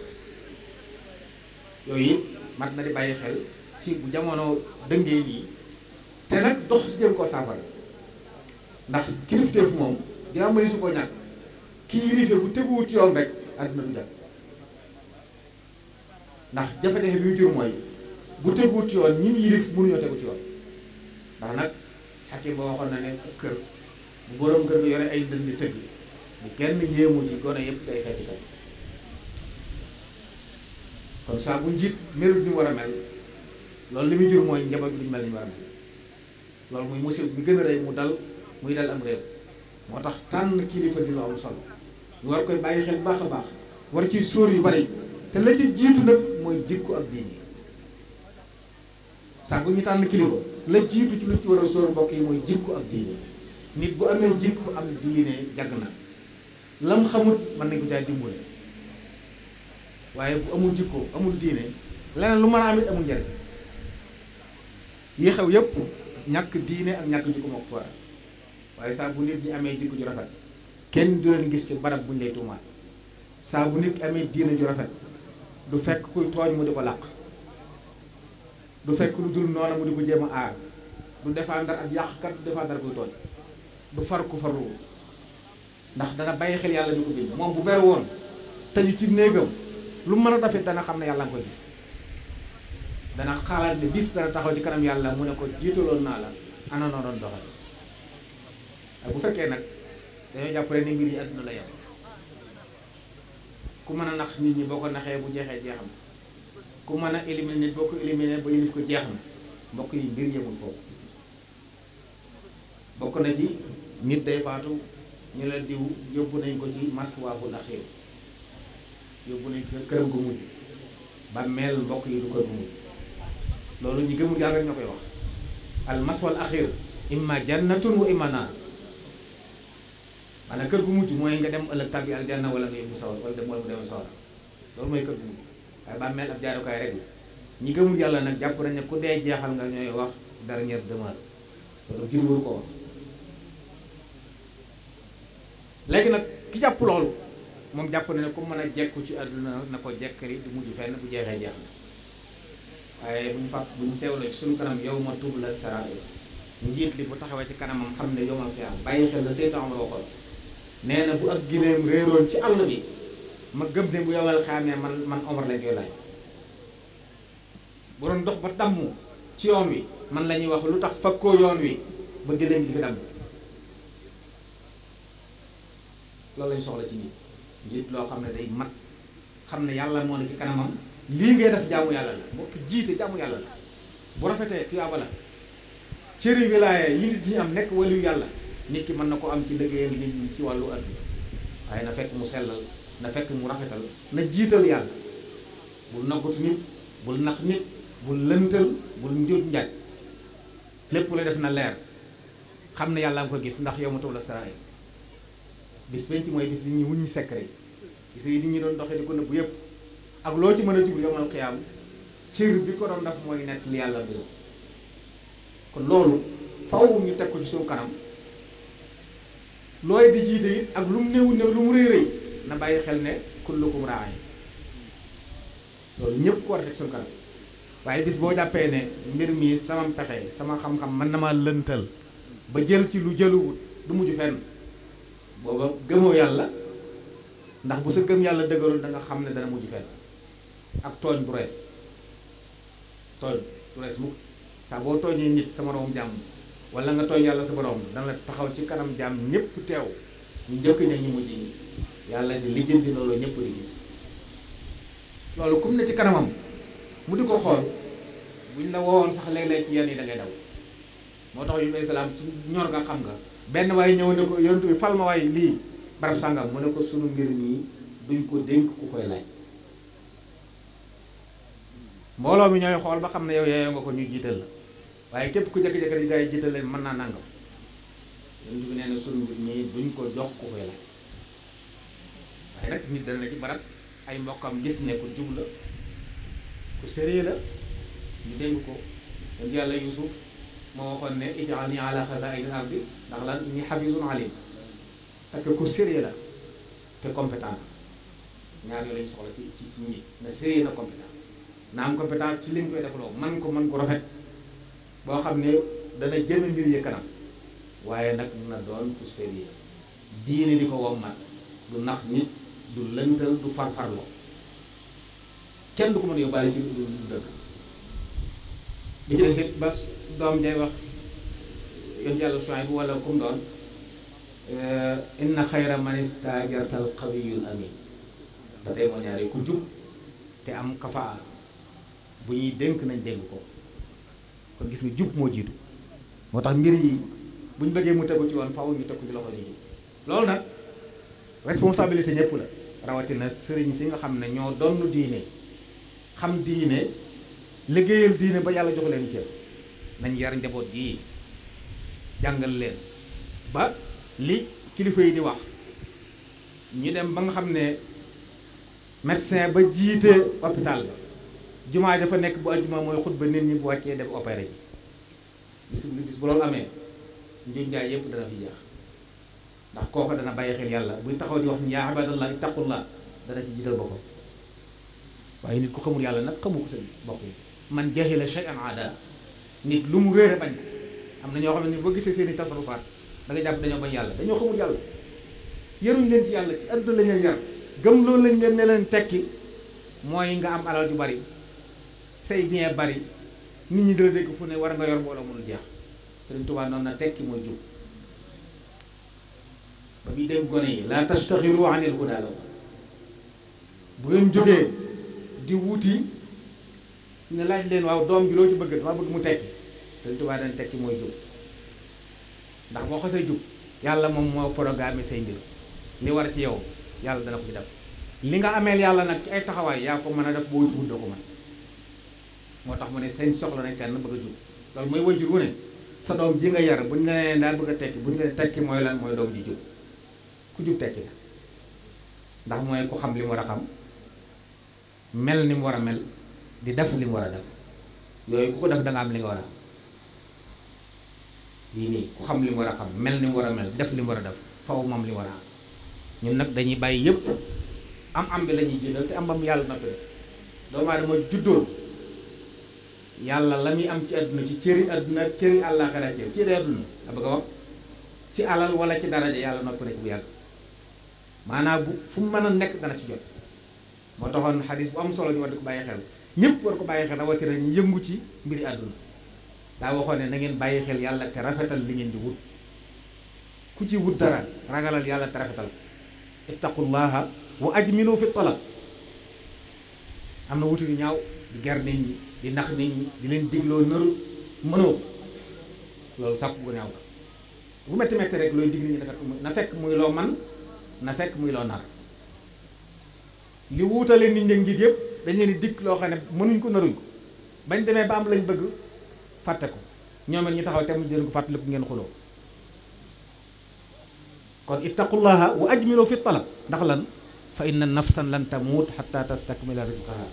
[SPEAKER 2] yooyu mat na di bàyyi xel ci bu jamono dëngee nii te nag dox ci jëm koo saafara ndax kilifteef moom dinaa mëni su ko ñàkk kii riife bu teguwul ci yoon rek àdduna du jàll ndax jafe-jafe bi mu jur mooy bu teguwul ci yoon ñi mu yilif mënuñoo tegu ci yoon ndax nag xakim ba waxoon na ne kër bu borom kër bi yore ay ndënd tëgg bu kenn yéemu ci gone yëpp day fecc kat kon saa bu njiit melut ni war a mel loolu li muy jur mooy njaboot bi duñ mel ni war a mel loolu muy musiba bi gën a rëy mu dal muy dal am réew moo tax tànn kilifa di lu am solo ñu war koy bàyyi xel baax a baax war ci sóor yu bari te la ci jiitu nag mooy ko ak diine saa ñu tànn kilifa la jiitu ci lu ci war a sóor mbokk yi mooy jikko ak diine nit bu amee ko am diine jag na lam xamut mën nañ ko jaay dimbali waaye bu amul jikko amul diine leneen lu mën a am it amul njariñ yi xew yépp ñàkk diine ak ñàkk jikko moo ko faral waaye saa bu nit ñi amee jikko ju rafet kenn du leen gis ci barab bu lay tuumaat saa bu nit amee diine ju rafet du fekk kuy tooñ mu di ko làq du fekk lu dul noonu mu di ko jéem a aar du défendre ab yàqkat du défendre kuy tooñ du far ku farlu ndax dana bàyyi xel yàlla du ko bind moom bu beru woon tëju ci néegam lu mën a rafet dana xam ne yàlla nga koy gis dana xalaat ne bis dana taxaw ci kanam yàlla mu ne ko jiitaloon naa la ana noo doon doxal bu fekkee nag dañoo jàpp rek ni mbir yi àdduna la yem ku mën a nax nit ñi boo ko naxee bu jeexee jeex na ku mën a éliminer nit boo ko éliminer ba yëlif ko jeex na mbokk yi mbir yemul foofu bokk na ci nit day faatu ñu la diw yóbbu nañ ko ci maswaabu laxir yóbbu nañ ko këram gu mujj ba mbokk yi du kër gu mujj loolu ñi gëmul yàlla ñoo koy wax al maswal axir imma jannatun wa imma naar maanaam kër gu mujj mooy nga dem ëllëg tàbbi aljanna wala nga yóbbu sawar wala dem wala mu dem sawar loolu mooy kër gu mujj waaye bàmmeel ab jaarukaay rek la ñi gëmul yàlla nag jàpp nañ ne ku dee jeexal nga ñooy wax dernière demeure loolu jur waru ko wax léegi nag ki jàpp loolu moom jàpp na ne ku mën a jekku ci àdduna na ko jekkari du mujj fenn bu jeexee jeex na waaye bu ñu fàtt bu ñu teewloo ci suñu kanam yow ma tuub la saraay njiit li bu taxawee ci kanamam xam ne yow ma xiyaam bàyyi xel la saytu am waxoon nee na bu ak gileem réeroon ci àll bi ma gëm ne bu yowal xaamee man man Omar lañ koy bu doon dox ba damm ci yoon wi man la ñuy wax lu tax fakkoo yoon wi ba gileem gi di fi damm loolu lañ soxla ci nit njiit loo xam ne day mat xam ne yàlla moo ne ci kanamam lii ngay def jaamu yàlla la moo ko jiite jaamu yàlla la bu rafetee tuyaaba la cëri wilaaya yi nit ñi am nekk waliyu yàlla nit ki mën na ko am ci liggéeyal nit ñi ci wàllu adduna waaye na fekk mu sellal na fekk mu rafetal na jiital yàlla bul noggatu nit bul nax nit bul lëntal bul njóot njaaj lépp la def na leer xam ne yàlla nga ko gis ndax yow ma taw la saraay bis penc mooy bis bi ñuy wuññi secret yi gis yi nit ñi doon doxee di ko nëbbu yëpp ak loo ci mën a jublu yomal xiyaam cër bi ko doon daf mooy nett yàlla biiru kon loolu faw ñu teg ko ci suñu kanam looy di jiite it ak lu mu néew néew lu mu rëy rëy na bàyyi xel ne kullukum raay loolu ñëpp ko war a teg suñu kanam bis boo jàppee ne mbir mi sama pexe sama xam-xam mën na ma lëntal ba jël ci lu jëluwut du mujj fenn booba gëmoo yàlla ndax bu sa gëm yàlla dëgërul danga xam ne dana mujj fen ak tooñ bu rees tooñ bu rees mukk saa boo tooñee nit sa moroom jàmm wala nga tooñ yàlla sa borom dana la taxaw ci kanam jàmm ñëpp teew ñu njëkk ña ñi mujj ñi yàlla di lijjanti loolu ñëpp di gis loolu kum ne ci kanamam mu di ko xool buñ la woowoon sax léeg-léeg ci yenn yi dangay ngay daw moo tax yu salaam ci ñor nga xam nga benn waaye ñëw ne ko yontu bi fal waaye lii barab sàngam mu ne ko sunu mbir mii duñ ko dénk ku koy laaj mbooloo mi ñooy xool ba xam na yow yaayoo nga ko ñu jiital la waaye képp ku jëkk-jëkk di jiital leen mën naa nangam yontu bi nee na sunu mbir mii duñ ko jox ku koy laaj waaye nag nit dana ci barab ay mbokkam gis ne ko jub la ku sérée la ñu dénk ko yontu yàlla Yuusuf moo waxoon ne ij'alni ala xazaa'inil ardi ndax lan ni xafisun alim parce que ku sérieux la te compétent ñaar yooyu lañu soxla ci ci ci njiit na sérieux na compétent na am compétence ci liñ koy defaloo man ko man ko rafet boo xam ne dana jëme mbir yi kanam waaye nag na doon ku sérieux diine di ko wommat du nax nit du lëntal du farfarloo kenn du ko mën a yóbbaale ci lu dëgg bi ci sit ba doom jay wax yonent yàlla Shuayb wala kum doon eh, inna xayra man istaajarta al qawiyul amin ba tey moo ñaari ku jub te am kafaa bu ñuy dénk nañ dénk ko kon gis nga jub moo jiitu moo tax mbir yi buñ bëggee mu tegu ci woon faaw ñu tegu ci loxo ñu jub loolu nag responsabilité ñëpp la rawatina sëriñ si nga xam ne ñoo doon diine xam diine liggéeyal diine ba yàlla jox leen ceeb nañ yar njaboot gi jàngal leen ba li kilifa yi di wax ñu dem ba nga xam ne médecin ba jiite hôpital ba jumaa dafa nekk bu ajuma mooy xutba nit ñi bu wàccee dem opéré ji bis bu bis bu amee njuñ njaay yëpp dana fi jeex ndax kooku dana bàyyi xel yàlla buñ taxaw di wax ni yaa ibadallah na dana ci jiital boppam waaye nit ku xamul yàlla nag xamu ko seen bokk yi man la shay'an ada nit lu mu réere bañ am na ñoo xam ne boo gisee seen i tasarufaat da nga jàpp dañoo bañ yàlla dañoo xamul yàlla yaruñ leen ci yàlla ci àdduna la ñeen yar gëm loolu lañ leen ne leen tekki mooy nga am alal ju bari say bien bari nit ñi dala dégg fu ne war nga yor mbooloo mënul jeex Sëriñ Tuubaa noon na tekki mooy jub ba muy yi laa tastaxiru anil hudaa la di wuti ne laaj leen waaw doom ji loo ci bëgg dama bëgg mu tekki sëñ Tuubaa dañ tekki mooy jub ndax boo xasee jub yàlla moom moo programme say mbir li war ci yow yàlla dana koy def li nga ameel yàlla na ci ay taxawaay yaa ko mën a def boo jubul doo ko mën moo tax mu ne seen soxla ne seen bëgg a jub loolu mooy wajur wu ne sa doom ji nga yar buñ ne daa bëgg a tekki buñ ne tekki mooy lan mooy doom ji jub ku jub tekki na ndax mooy ku xam li mu war a xam mel ni mu war a mel di def lim war a def yooyu ku ko def da am li nga war a lii nii ku xam li war a xam mel ni mu war a mel def li mu war a def faw moom li mu war a am ñun nag dañuy bàyyi yëpp am am bi la ñuy jiital te am am yàlla noppi rek doomu aadama juddoo yàlla la muy am ci àdduna ci cëri àdduna cëri àllaaxira cëri cëri àdduna la bëgg wax ci alal wala ci daraja yàlla noppi na ci bu yàgg maanaam bu fu mu mën a nekk dana ci jot moo taxoon xadis bu am solo ñu ko bàyyi xel ñépp war ko bàyyi xel rawatina ñu yëngu ci mbiri àdduna daa waxoon ne nangeen bàyyi xel yàlla te rafetal li ngeen di wut ku ci wut dara ragalal yàlla te rafetal ittaqullaha wa ajminu fi talab am na wutu ñaaw di ger nit ñi di nax nit ñi di leen digloo nërul mënoo loolu sàpp bu ñaaw la bu metti metti rek looy dig nit ñi dafa na fekk muy loo man na fekk muy loo nar li wuutale nit ñi ngir yëpp dañ leen di dikk loo xam ne mënuñ ko naruñ ko bañ demee ba am lañ bëgg fàtte ko ñoom it ñu taxaw te mu jëleen ko fàtte lépp ngeen xuloo kon ittaqullaha wa ajmilu fi talab ndax lan fa inna nafsan lan tamuut xatta tastakmila risqaha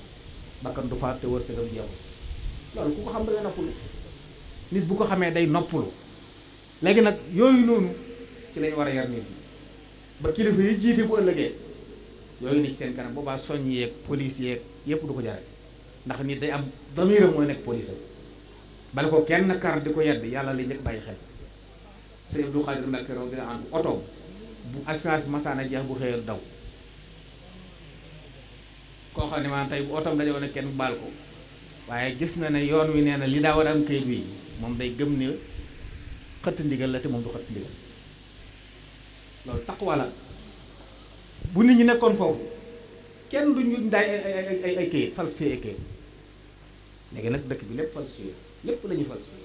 [SPEAKER 2] bakkan du fàtte wërsëgam jeexul loolu ku ko xam da ngay noppalu nit bu ko xamee day noppalu léegi nag yooyu noonu ci lañ war a yar nit ba kilifa yi jiite bu ëllëgee yooyu ne ci seen kanam boobaa soñ yeeg police yeeg yëpp du ko jaral ndax nit day am damiram mooy nekk police am bala ko kenn kar di ko yedd yàlla lay njëkk bàyyi xel sëñ Abdou Khadir Mbacké roog dina ànd oto bu assurance bi mataan a jeex bu xëyal daw koo xam ne maanaam tey bu otoom dañoo ne kenn baal ko waaye gis na ne yoon wi nee na li daa war a am kayit wi moom day gëm ne xëtt ndigal la te moom du xëtt ndigal loolu taqwa la bu nit ñi nekkoon foofu kenn du ñu daay ay ay ay kayit falsifié ay kayit léegi nag dëkk bi lépp falsifié lépp lañuy ñuy falsifié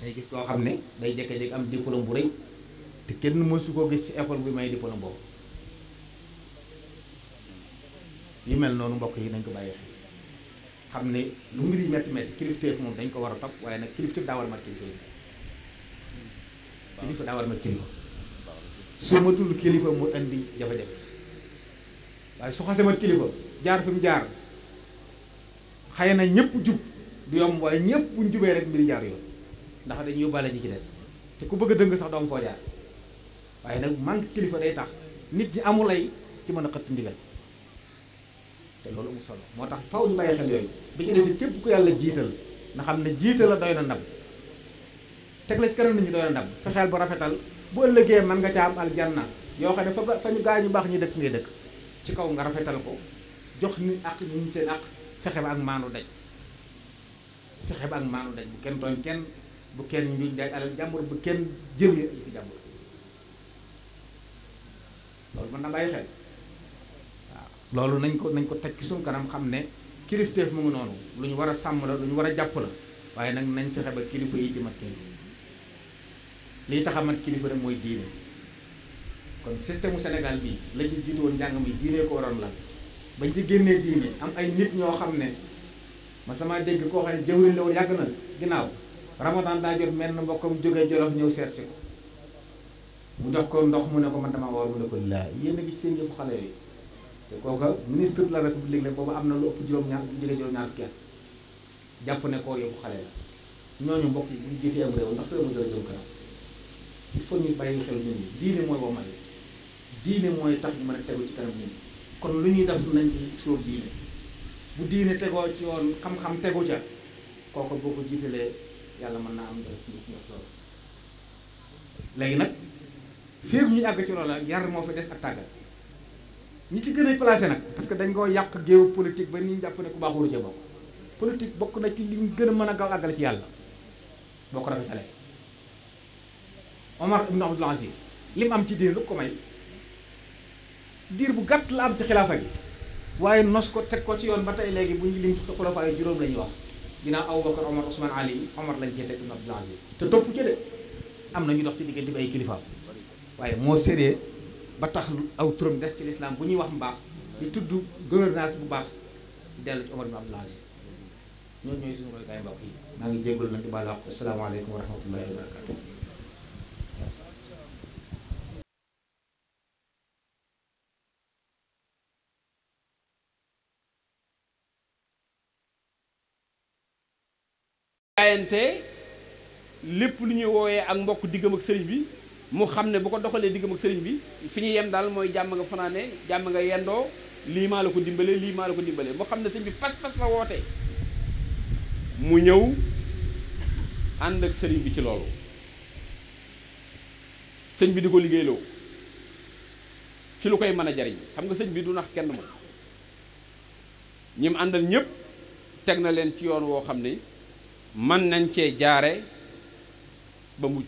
[SPEAKER 2] day gis koo xam ne day jékki-jékki am diplôme bu rëy te kenn mësu koo gis ci école bi may diplôme boobu yu mel noonu mbokk yi nañ ko bàyyi xam ne lu mbir yi métti métti kilifteef moom dañ ko war a topp waaye nag kilifteef daa war a mat kilifteef hmm. kilifa daa mat kilifa soo matul kilifa mu indi jafe-jafe waaye su xasee mat kilifa jaar fi mu jaar xëy na ñëpp jub du yomb waaye ñëpp buñ jubee rek mbiri jaar yoon ndax dañu yóbbaale ñi ci des te ku bëgg a dëng sax doom foo jaar waaye nag manque kilifa day tax nit ñi amul lay ci mën a xëtt ndigal te loolu mu solo moo tax faw ñu bàyyi xel yooyu bi ci des képp ku yàlla jiital na xam ne jiital a doy na ndam teg la ci kanam nit ñi doy na ndam fexeel bu rafetal bu ëllëgee man nga ca am na yoo xam ne fa fa ñu gaa ñu baax ñi dëkk ngay dëkk ci kaw nga rafetal ko jox ni ak ni seen ak fexe ba ak maanu daj fexe ba ak maanu daj bu kenn tooñ kenn bu kenn njuñ njaay alal jàmbur bu kenn jël yi fi jàmbur loolu mën na bàyyi xel waaw loolu nañ ko nañ ko teg ci suñu kanam xam ne kilifteef mu ngi noonu lu ñu war a sàmm la lu ñu war a jàpp la waaye nag nañ fexe ba kilifa yi di mat lii tax kilifa nag mooy diine kon système senegal Sénégal bii la ci jiitu woon njàng mi diine ko waroon la bañ ci génnee diine am ay nit ñoo xam ne ma sama dégg koo xam ne jëwriñ la woon yàgg na ginnaaw ramadan daa jot mel na mbokkam jógee jolof ñëw seet si ko ndox mu ne ko man damaa war mu ne ko a ngi ci seen yëfu xale te kooka ministre la république la boobu am na lu ëpp juróom-ñaar bu jógee juróom-ñaar fukki at jàpp ne xale la ñooñu mbokk yi buñ jiitee am réew ndax réew mi dara jëm kanam il faut ñu bàyyi xel nit ñi diine mooy womale diine mooy tax ñu mën a tegu ci kanam nit ñi kon lu ñuy def nañ ci sóor diine bu diine tegoo ci yoon xam-xam tegu ca kooku boo ko jiitalee yàlla mën naa am léegi nag fii ñu àgg ci loola yar moo fi des ak tàggat ñi ci gën a placé nag parce que dañ koo yàq géew politique ba ñu jàpp ne ku baax waru ca bokk politique bokk na ci liñ gën a mën a gaaw àggale ci yàlla boo ko rafetalee Omar ibn Abdul Aziz li am ci diir lu ko may diir bu gàtt la am ci xilaafa gi waaye nos ko teg ko ci yoon ba tey léegi bu ñu lim ci xulafaa juróom la ñuy wax aw Abubakar Omar Ousmane Ali Omar lañ cee teg ibn Abdul Aziz te topp ca de am na ñu dox ci diggante bi ay kilifaam waaye moo séddee ba tax aw turam des ci lislaam bu ñuy wax mbaax di tudd gouvernance bu baax di dellu ci Omar ibn Abdul Aziz ñooñu ñooy suñu royukaay mbokk wa
[SPEAKER 1] jaayante lépp lu ñuy wooyee ak mbokk diggam ak sëriñ bi mu xam ne bu ko doxalee diggam ak sëriñ bi fi ñu yem daal mooy jàmm nga fanaane jàmm nga yendoo lii la ko dimbalee lii maa la ko dimbale mu xam ne sëriñ bi pas-pas la woote mu ñëw ànd ak sëriñ bi ci loolu sëñ bi di ko liggéeyloo ci lu koy mën a jariñ xam nga sëñ bi du nax kenn moom ñim àndal ñëpp teg na leen ci yoon woo xam ne man nañ cee jaare ba mucc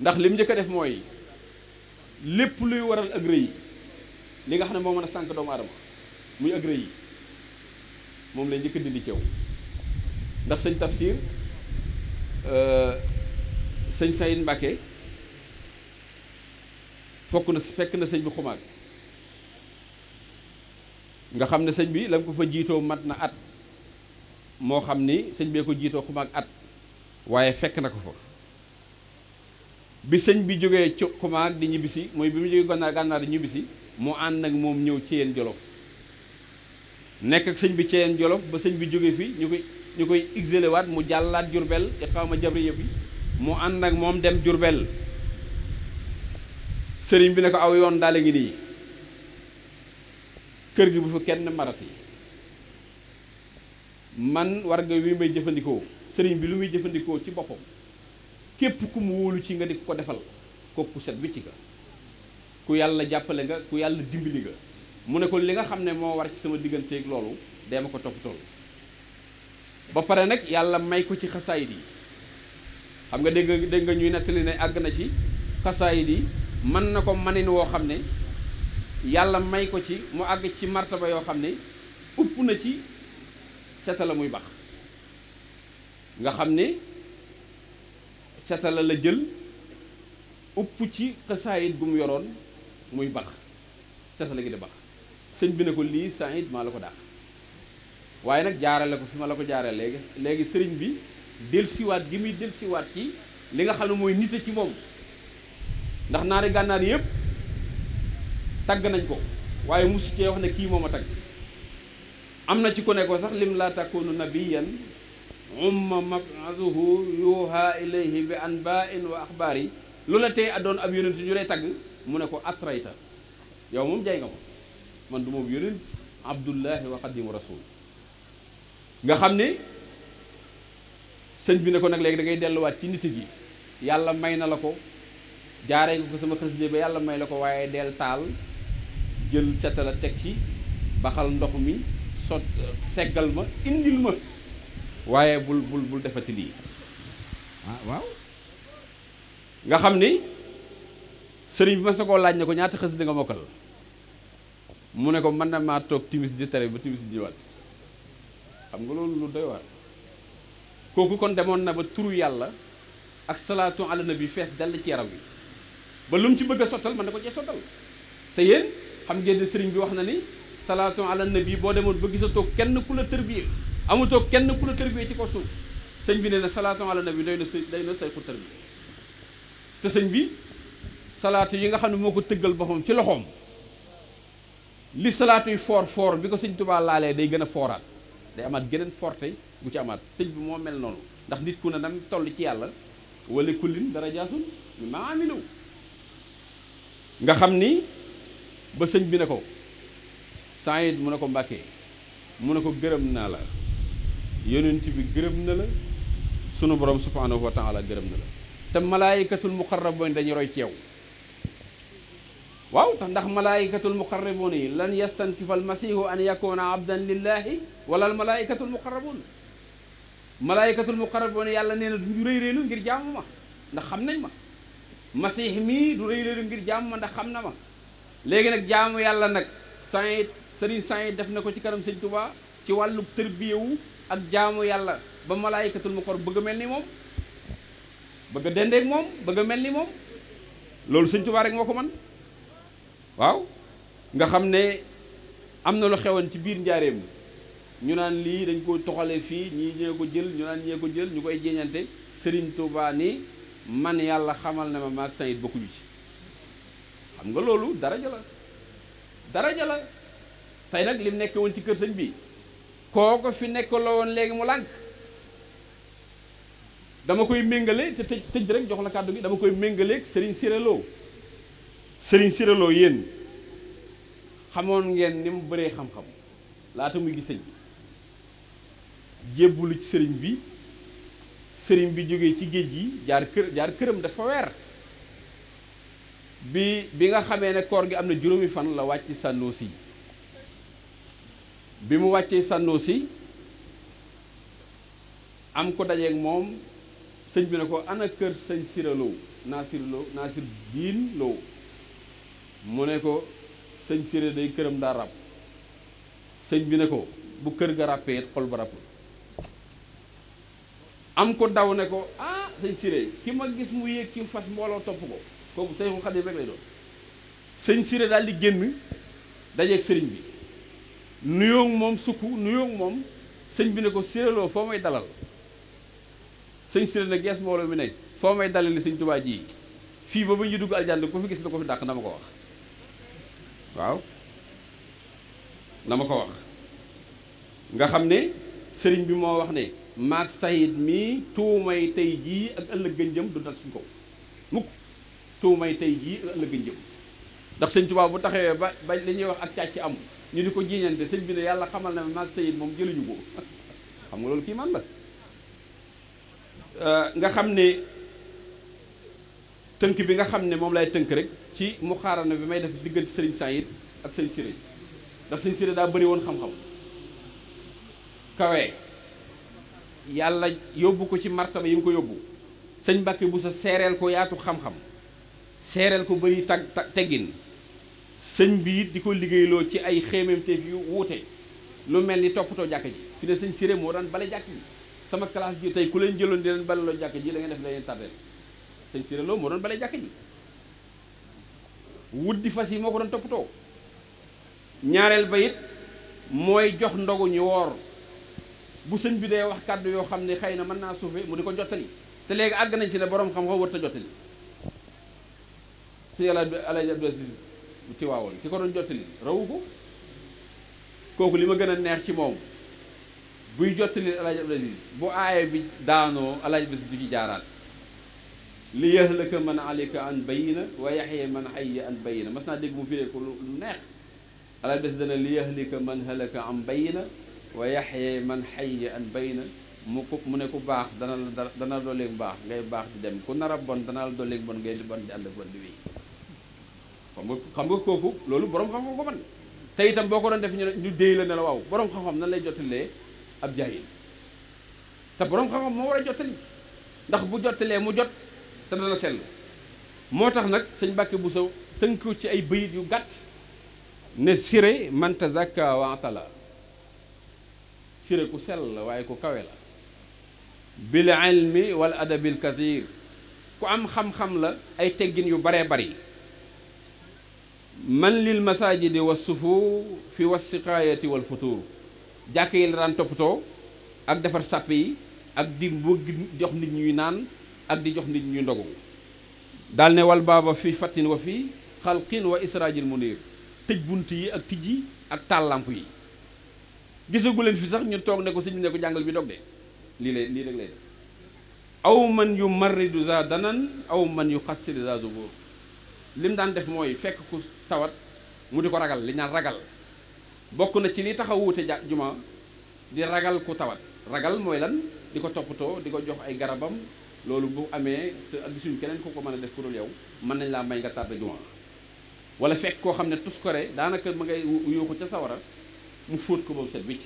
[SPEAKER 1] ndax lim njëkk a def mooy lépp luy waral ak rëy li nga xam ne moo mën a sànk doomu aadama muy ak rëy moom lay njëkk a dindi ceew ndax sëñ tafsir euh, sëñ sayin mbàkke fokk na fekk na sëñ bi xumaag nga xam ne sëñ bi la ko fa jiitoo mat na at moo xam ni sëñ bee ko jiitoo xuma at waaye fekk na ko fa bi sëñ bi jógee ci xuma di ñibbisi mooy bi mu jógee gànnaar gànnaar di ñibbisi moo ànd nag moom ñëw ci yeen jolof nekk ak sëñ bi ci yeen jolof ba sëñ bi jógee fii ñu koy ñu koy exilé mu jàllaat jurbel te xaw ma jabri yëpp yi mu ànd nag moom dem jurbel sëriñ bi ne ko aw yoon daal a ngi nii kër gi bu fa kenn marati man war nga wi may jëfandikoo sëriñ bi lu muy jëfandikoo ci boppam képp ku mu wóolu ci nga di ko defal kooku set wicc nga ku yàlla jàppale nga ku yàlla dimbali nga mu ne ko li nga xam ne moo war ci sama digganteeg loolu dee ma ko toppatoo ba pare nag yàlla may ko ci xasaayid yi xam nga dégg nga ñuy nettali ne àgg na ci xasaayid yi mën na ko manin woo xam ne yàlla may ko ci mu àgg ci martaba yoo xam ne upp na ci setala muy bax nga xam ne setala la jël upp ci xasaayit gu mu yoroon muy bax setala gi di bax sëñ bi ne ko lii saayit maa la ko daax waaye nag jaarale ko fi ma la ko jaarale léegi léegi sëriñ bi delsiwaat gi muy delsiwaat ci li nga xam ne mooy nite ci moom ndax naari gànnaar yëpp tagg nañ ko waaye musu cee wax ne kii moom a tagg am na ci ko ne sax lim laa takunu nabiyan umma mab'athuhu yuha ilayhi bi anba'in wa axbaar yi lu la tey doon ab yonent ñu lay tagg mu ne ko atrayta yow moom jay nga moom man du moom yonent abdullahi wa xadimu rasul nga xam ne sëñ bi ne ko nag léegi dangay delluwaat ci nit gi yàlla may na la ko jaaree nga ko sama xasida ba yàlla may la ko waaye del taal jël setala teg ci baxal ndox mi sot seggal ma indil ma waaye bul bul bul defati lii ah, waaw nga xam ni sëriñ bi ma sa koo laaj ne ko ñaata xës di nga mokkal mu ne ko mën na maa toog timis di tere ba timis di ñëwaat xam nga loolu lu doy waar kooku kon demoon na ba turu yàlla ak salaatu ala nabi fees dal ci yaram wi ba lu mu ci bëgg a sottal mën na ko cee sottal te yéen xam ngeen sëriñ bi wax na ni salaatu ala nabi boo demoon ba gisatoo kenn ku la tërbiyee amutoo kenn ku la tërbiyee ci ko suuf sëñ bi ne na salaatu ala nabi doy na sa doy na say ku te sëñ bi salaatu yi nga xam ne moo ko tëggal boppam ci loxoom li salaatu yi foor foor bi ko sëñ Tuubaa day gën a fooraat day amaat geneen foorte bu ci amaat sëñ bi moo mel noonu ndax nit ku ne nam toll ci yàlla wala kullin darajaatun mimmaa amilu nga xam ni ba sëñ bi ne ko Saïd mu ne ko Mbàkke mu ne ko gërëm naa la yonent bi gërëm na la sunu borom subhaanahu wa taala gërëm na la te malaayikatul muqarraboon dañu roy ci yow waaw tax ndax malaayikatul muqarraboon yi lan yastankifa almasihu an yakuna abdan lillahi wala almalaayikatul muqarraboon malaayikatul muqarraboon yàlla nee na du rëy réelu ngir jaamu ma ndax xam nañ ma masih mii du rëy réelu ngir jaamu ma ndax xam na ma léegi nag jaamu yàlla nag Saïd sëriñ sant yi def na ko ci kanam sëñ Touba ci wàllu tërbiyewu ak jaamu yàlla ba malaaykatul mu kor bëgg a mel ni moom bëgg dendeek moom bëgg a mel ni moom loolu sëñ Touba rek moo ko man waaw nga xam ne am na lu xewoon ci biir njaareem ñu naan lii dañ ko toxalee fii ñii ñee ko jël ñu naan ñee ko jël ñu koy jeeñante sëriñ Touba ni man yàlla xamal na ma maag sant it bokkuñu ci xam nga loolu daraja la daraja la tey nag lim nekkee woon ci kër sëñ bi kooko fi nekk la woon léegi mu lànk dama koy méngale te tëj tëj rek jox la kàddu gi dama koy méngaleeg sëriñ Siré Lo Serigne Siré Lo yéen xamoon ngeen ni mu bëree xam-xam laata muy gis sëñ bi ci sëriñ bi sëriñ bi jógee ci géej gi jaar kër jaar këram dafa weer bi bi nga xamee ne koor gi am na juróomi fan la wàcc sànnoo si bi mu wàccee Sànnoosi am ko dajeek moom sëñ bi ne ko ana kër sëñ Sira Lo Naasir Lo Naasir diin Lo mu ne ko sëñ Sira day këram daa ràpp sëñ bi ne ko bu kër ga ràppee it xol ba ràpp am ko daw ne ko ah sëñ Siré ki ma gis mu yéeg ci fas mbooloo topp ko kooku sëñ Xaadim rek lay doon sëñ Siré daal di génn dajeek sëriñ bi nuyoo moom sukk nuyoo moom sëñ bi ne ko séréloo foo may dalal sëñ séré na gees mbooloo mi ne foo may dalal sëñ Tuubaa ji fii ba ba ñu dugg aljanna ku fi gis la ko fi dàq na ma ko wax waaw na ma ko wax nga xam ne sëriñ bi moo wax ne maag sayid mi tuumay tey jii ak ëllëg gënjëm du dal suñ ko mukk tuumay tey jii ak ëllëg gënjëm ndax sëñ Tuubaa bu taxawee ba ba li ñuy wax ak càcc amul ñu di ko jiiñante sëñ bi ne yàlla xamal na maag sayid moom jëluñu ko xam nga loolu kii man la euh, nga xam ne tënk bi nga xam ne moom lay tënk rek ci mu na bi may def diggante sëriñ sayid ak sëñ siré ndax sëñ siré daa bari woon xam-xam kawee yàlla yóbbu ko ci martaba yi nga ko yóbbu sëñ Mbàkke bu sa seereel ko yaatu xam-xam seereel ko bëri tag teggin sëñ bi it di ko liggéeyloo ci ay xéememteef yu wuute lu mel ni toppatoo jàkk ji fi ne sëñ Siré moo daan bale jàkk ji sama classe bi tey ku leen jëloon di leen bale loo jàkk ji da ngeen def la leen tardeel sëñ Siré loo moo doon bale jàkk ji wut di fas yi moo ko doon toppatoo ñaareel ba it mooy jox ndogu ñu woor bu sëñ bi day wax kàddu yoo xam ne xëy na mën naa suufe mu di ko jottali te léegi àgg nañ ci ne borom xam-xam wër jottali Tiwaawoon ki ko doon jottali rawu ko kooku li ma gën a neex ci moom buy jottali El Hadj Abdou bu aaye bi daanoo El Hadj Abdou Aziz du ci jaaraat li yahlaka man alika an bayina wa yaxya man xayya an bayina mas naa dégg mu firee ko lu neex El Hadj Abdou Aziz dana li yahlika man halaka am bayina wa yaxya man xayya an bayina mu ko mu ne ko baax dana la dana la dolleeg baax ngay baax di dem ku nar bon dana la dolleeg bon ngay di bon di ànd bon di wéy xam nga xam nga kooku loolu borom xam-xam ko man te itam boo ko doon def ñu ñu la ne la waaw borom xam-xam nan lay jottalee ab jaayin te boroom xam-xam moo war a jottali ndax bu jottalee mu jot te dana sell moo tax nag sëñ bu Buso tënku ci ay bayit yu gàtt ne siré manta zakka wa atala siré ku sell la waaye ku kawe la bil ilmi wal adabil kathir ku am xam-xam la ay teggin yu baree bari man lil masajidi wa sufu fi was siqaayati wal futuur jàkk yi la daan ak defar sàpp yi ak di bëgg jox nit ñuy naan ak di jox nit ñuy ndogu daal ne wal baaba fi fattin wa fi xalqin wa israajil munir tëj bunt yi ak tijji ak tàllamp yi gisagu leen fi sax ñu toog ne ko sëñ ne ko jàngal bi dog de lii lay lii rek lay aw man yu marridu za danan aw man yu xassiri za zubur lim daan def mooy fekk ku tawat mu di ko ragal li ñaan ragal bokk na ci li tax a wuute ja juma di ragal ku tawat ragal mooy lan di ko toppatoo di ko jox ay garabam loolu bu amee te ak gisuñu keneen ku ko mën a def ku yow mën nañ laa may nga tardé juma wala fekk koo xam ne tuskore daanaka ma ngay yuuxu ca sawara mu fóot ko moom set wicc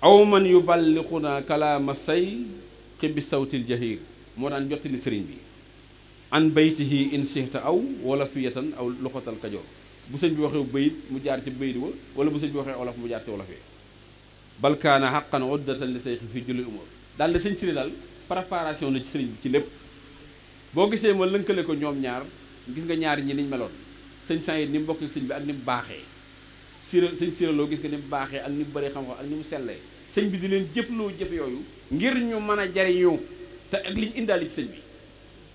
[SPEAKER 1] aw man yuballiquna kalaama say xibbi sawtil jahir moo daan jottali sëriñ bi an baytihi in sihta aw wala fiyatan aw loxotal kajoor bu sëñ bi waxee bayit mu jaar ci bayit wa wala bu sëñ bi waxee olof mu jaar ci olof yi bal kaana xaqan uddatan li sayxi fi julli umur daal la sëñ si daal préparation la ci sëriñ bi ci lépp boo gisee ma lënkale ko ñoom ñaar gis nga ñaari ñi niñ meloon sëñ Saïd ni mu bokk sëñ bi ak ni mu baaxee sira sëñ siraloo gis nga ni mu baaxee ak ni mu bëree xam-xam ak ni mu sellee sëñ bi di leen jëfloo jëf yooyu ngir ñu mën a jariñu te ak liñ indaale ci sëñ bi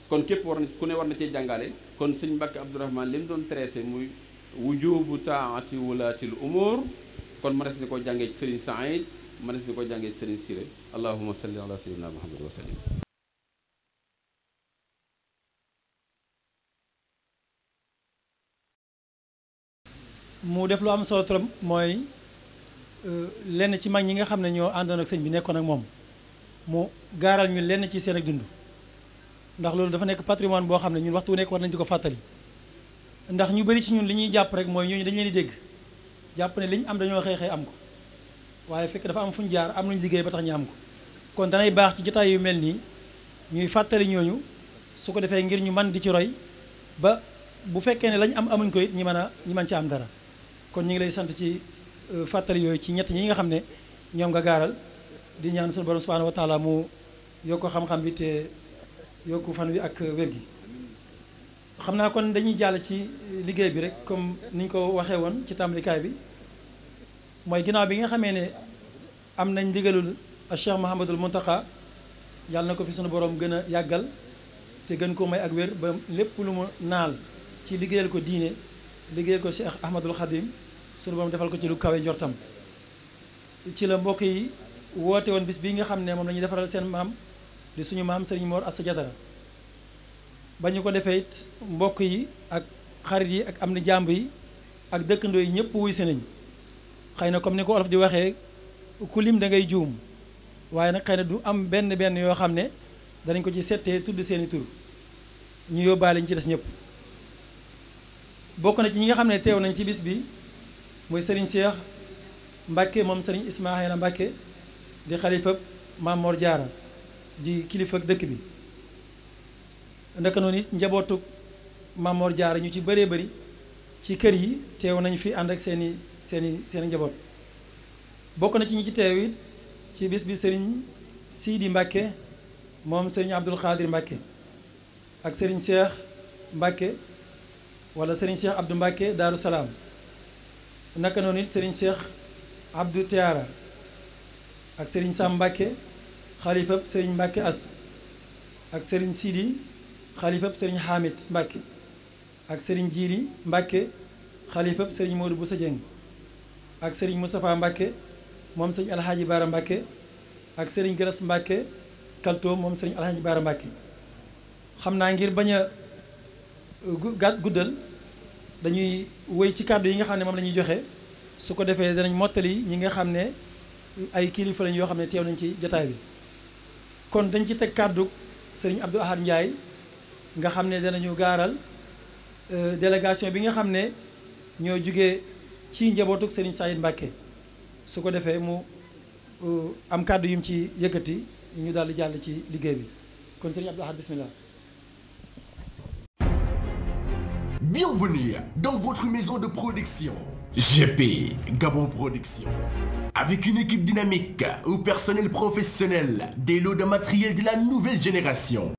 [SPEAKER 1] kon képp war ku ne war na cee jàngale kon sëñ Mbàkke Abdourahmane li mu doon traité muy wujubu taati wulaatil umur kon ma des ni ko jàngee ci Serigne Saïd ma des ni ko jàngee ci Serigne Siré allahumma salli ala sayyidina Muhammad wa sallim
[SPEAKER 3] mu def lu am solo trop mooy euh, lenn ci mag ñi nga xam ne ñoo àndoon ak sëñ bi nekkoon ak moom mu gaaral ñu lenn ci seen ak dund ndax loolu dafa nekk patrimoine boo xam ne ñun waxtu nekk war nañu di ko fàttali ndax ñu bëri ci ñun li ñuy jàpp rek mooy ñooñu dañu leen di dégg jàpp ne li ñu am dañoo xëy xëy am ko waaye fekk dafa am fu ñu jaar am nañu liggéey ba tax ñu am ko kon danay baax ci jotaay yu mel nii ñuy fàttali ñooñu su ko defee ngir ñu man di ci roy ba bu fekkee ne lañ am amuñ ko it ñi mën a ñi mën ci am dara kon ñu ngi lay sant ci euh, fàttali yooyu ci ñett ñi nga xam ne ñoom nga gaaral di ñaan suñu borom mu yokk ko bi te yokku fan wi ak wér gi xam naa kon dañuy jàll ci liggéey bi rek comme ni ñu ko waxee woon ci tàmbalikaay bi mooy ginnaaw bi nga xamee ne am nañ ndigalul Cheikh Mouhamadul Mountakha yàlla na ko fi sunu borom gën a yàggal te gën koo may ak wér ba lépp lu mu naal ci liggéeyal ko diine liggéeyal ko Cheikh Ahmadul Khadim sunu borom defal ko ci lu kawe jortam ci la mbokk yi woote woon bis bii nga xam ne moom la defaral seen maam. di suñu maam Serigne moor Assa Diatara ba ñu ko defee mbokk yi ak xarit yi ak am na jàmb yi ak dëkkandoo yi ñëpp wuy si nañ xëy na comme ni ko olof di waxe ku lim da ngay juum waaye nag xëy na du am benn benn yoo xam ne danañ ko ci settee tudd seeni tur ñu yóbbaale ñu ci des ñëpp bokk na ci ñi nga xam ne teew nañ ci bis bi mooy sëriñ Cheikh Mbacke moom sëriñ Ismaïla Mbacke di xalifab Maam Mor Diarra di kilifa dëkk bi ndaka noonu it njabootuk Mamor Jaara ñu ci bëree bëri ci kër yi teew nañ fi ànd ak seeni seeni seeni njaboot bokk na ci ñu ci teew ci bis bi sëriñ Siidi Mbàkke moom sëriñ Abdul Xaadir Mbàkke ak sëriñ Cheikh Mbàkke wala sëriñ Cheikh Abdou Mbàkke Daaru Salaam naka sëriñ Cheikh Abdou ak sëriñ Sam Mbàkke xalifab sëriñ Mbàkke Asu ak sëriñ Sidi xalifab sëriñ Hamid Mbàkke ak sëriñ Jiiri Mbàkke xalifab sëriñ Modou Boussa Dieng ak sëriñ Moustapha Mbàkke moom sëriñ Alxaaji Baara Mbàkke ak sëriñ Galas Mbàkke Kalto moom sëriñ Alxaaji Baara Mbàkke xam naa ngir bañ a uh, gàtt guddal dañuy wéy ci kàddu yi nga xam ne moom lañuy joxe su ko defee danañ mottali ñi nga xam ne ay kilifa lañ yoo xam ne teew nañ ci jataay bi kon dañ ci teg kàddu sëriñ Abdou Ahad Ndiaye nga xam ne danañu gaaral euh, délégation bi nga xam ne ñoo jugee ci njabootuk seeni Sayid Mbàkke su ko defee mu euh, am kàddu yum ci yëkkati ñu daal di jàll ci liggéey bi kon sëriñ Abdou Ahad bismillah
[SPEAKER 1] de production GP Gabon Production Avec une équipe dynamique, un personnel professionnel, des lots de matériel de la nouvelle génération.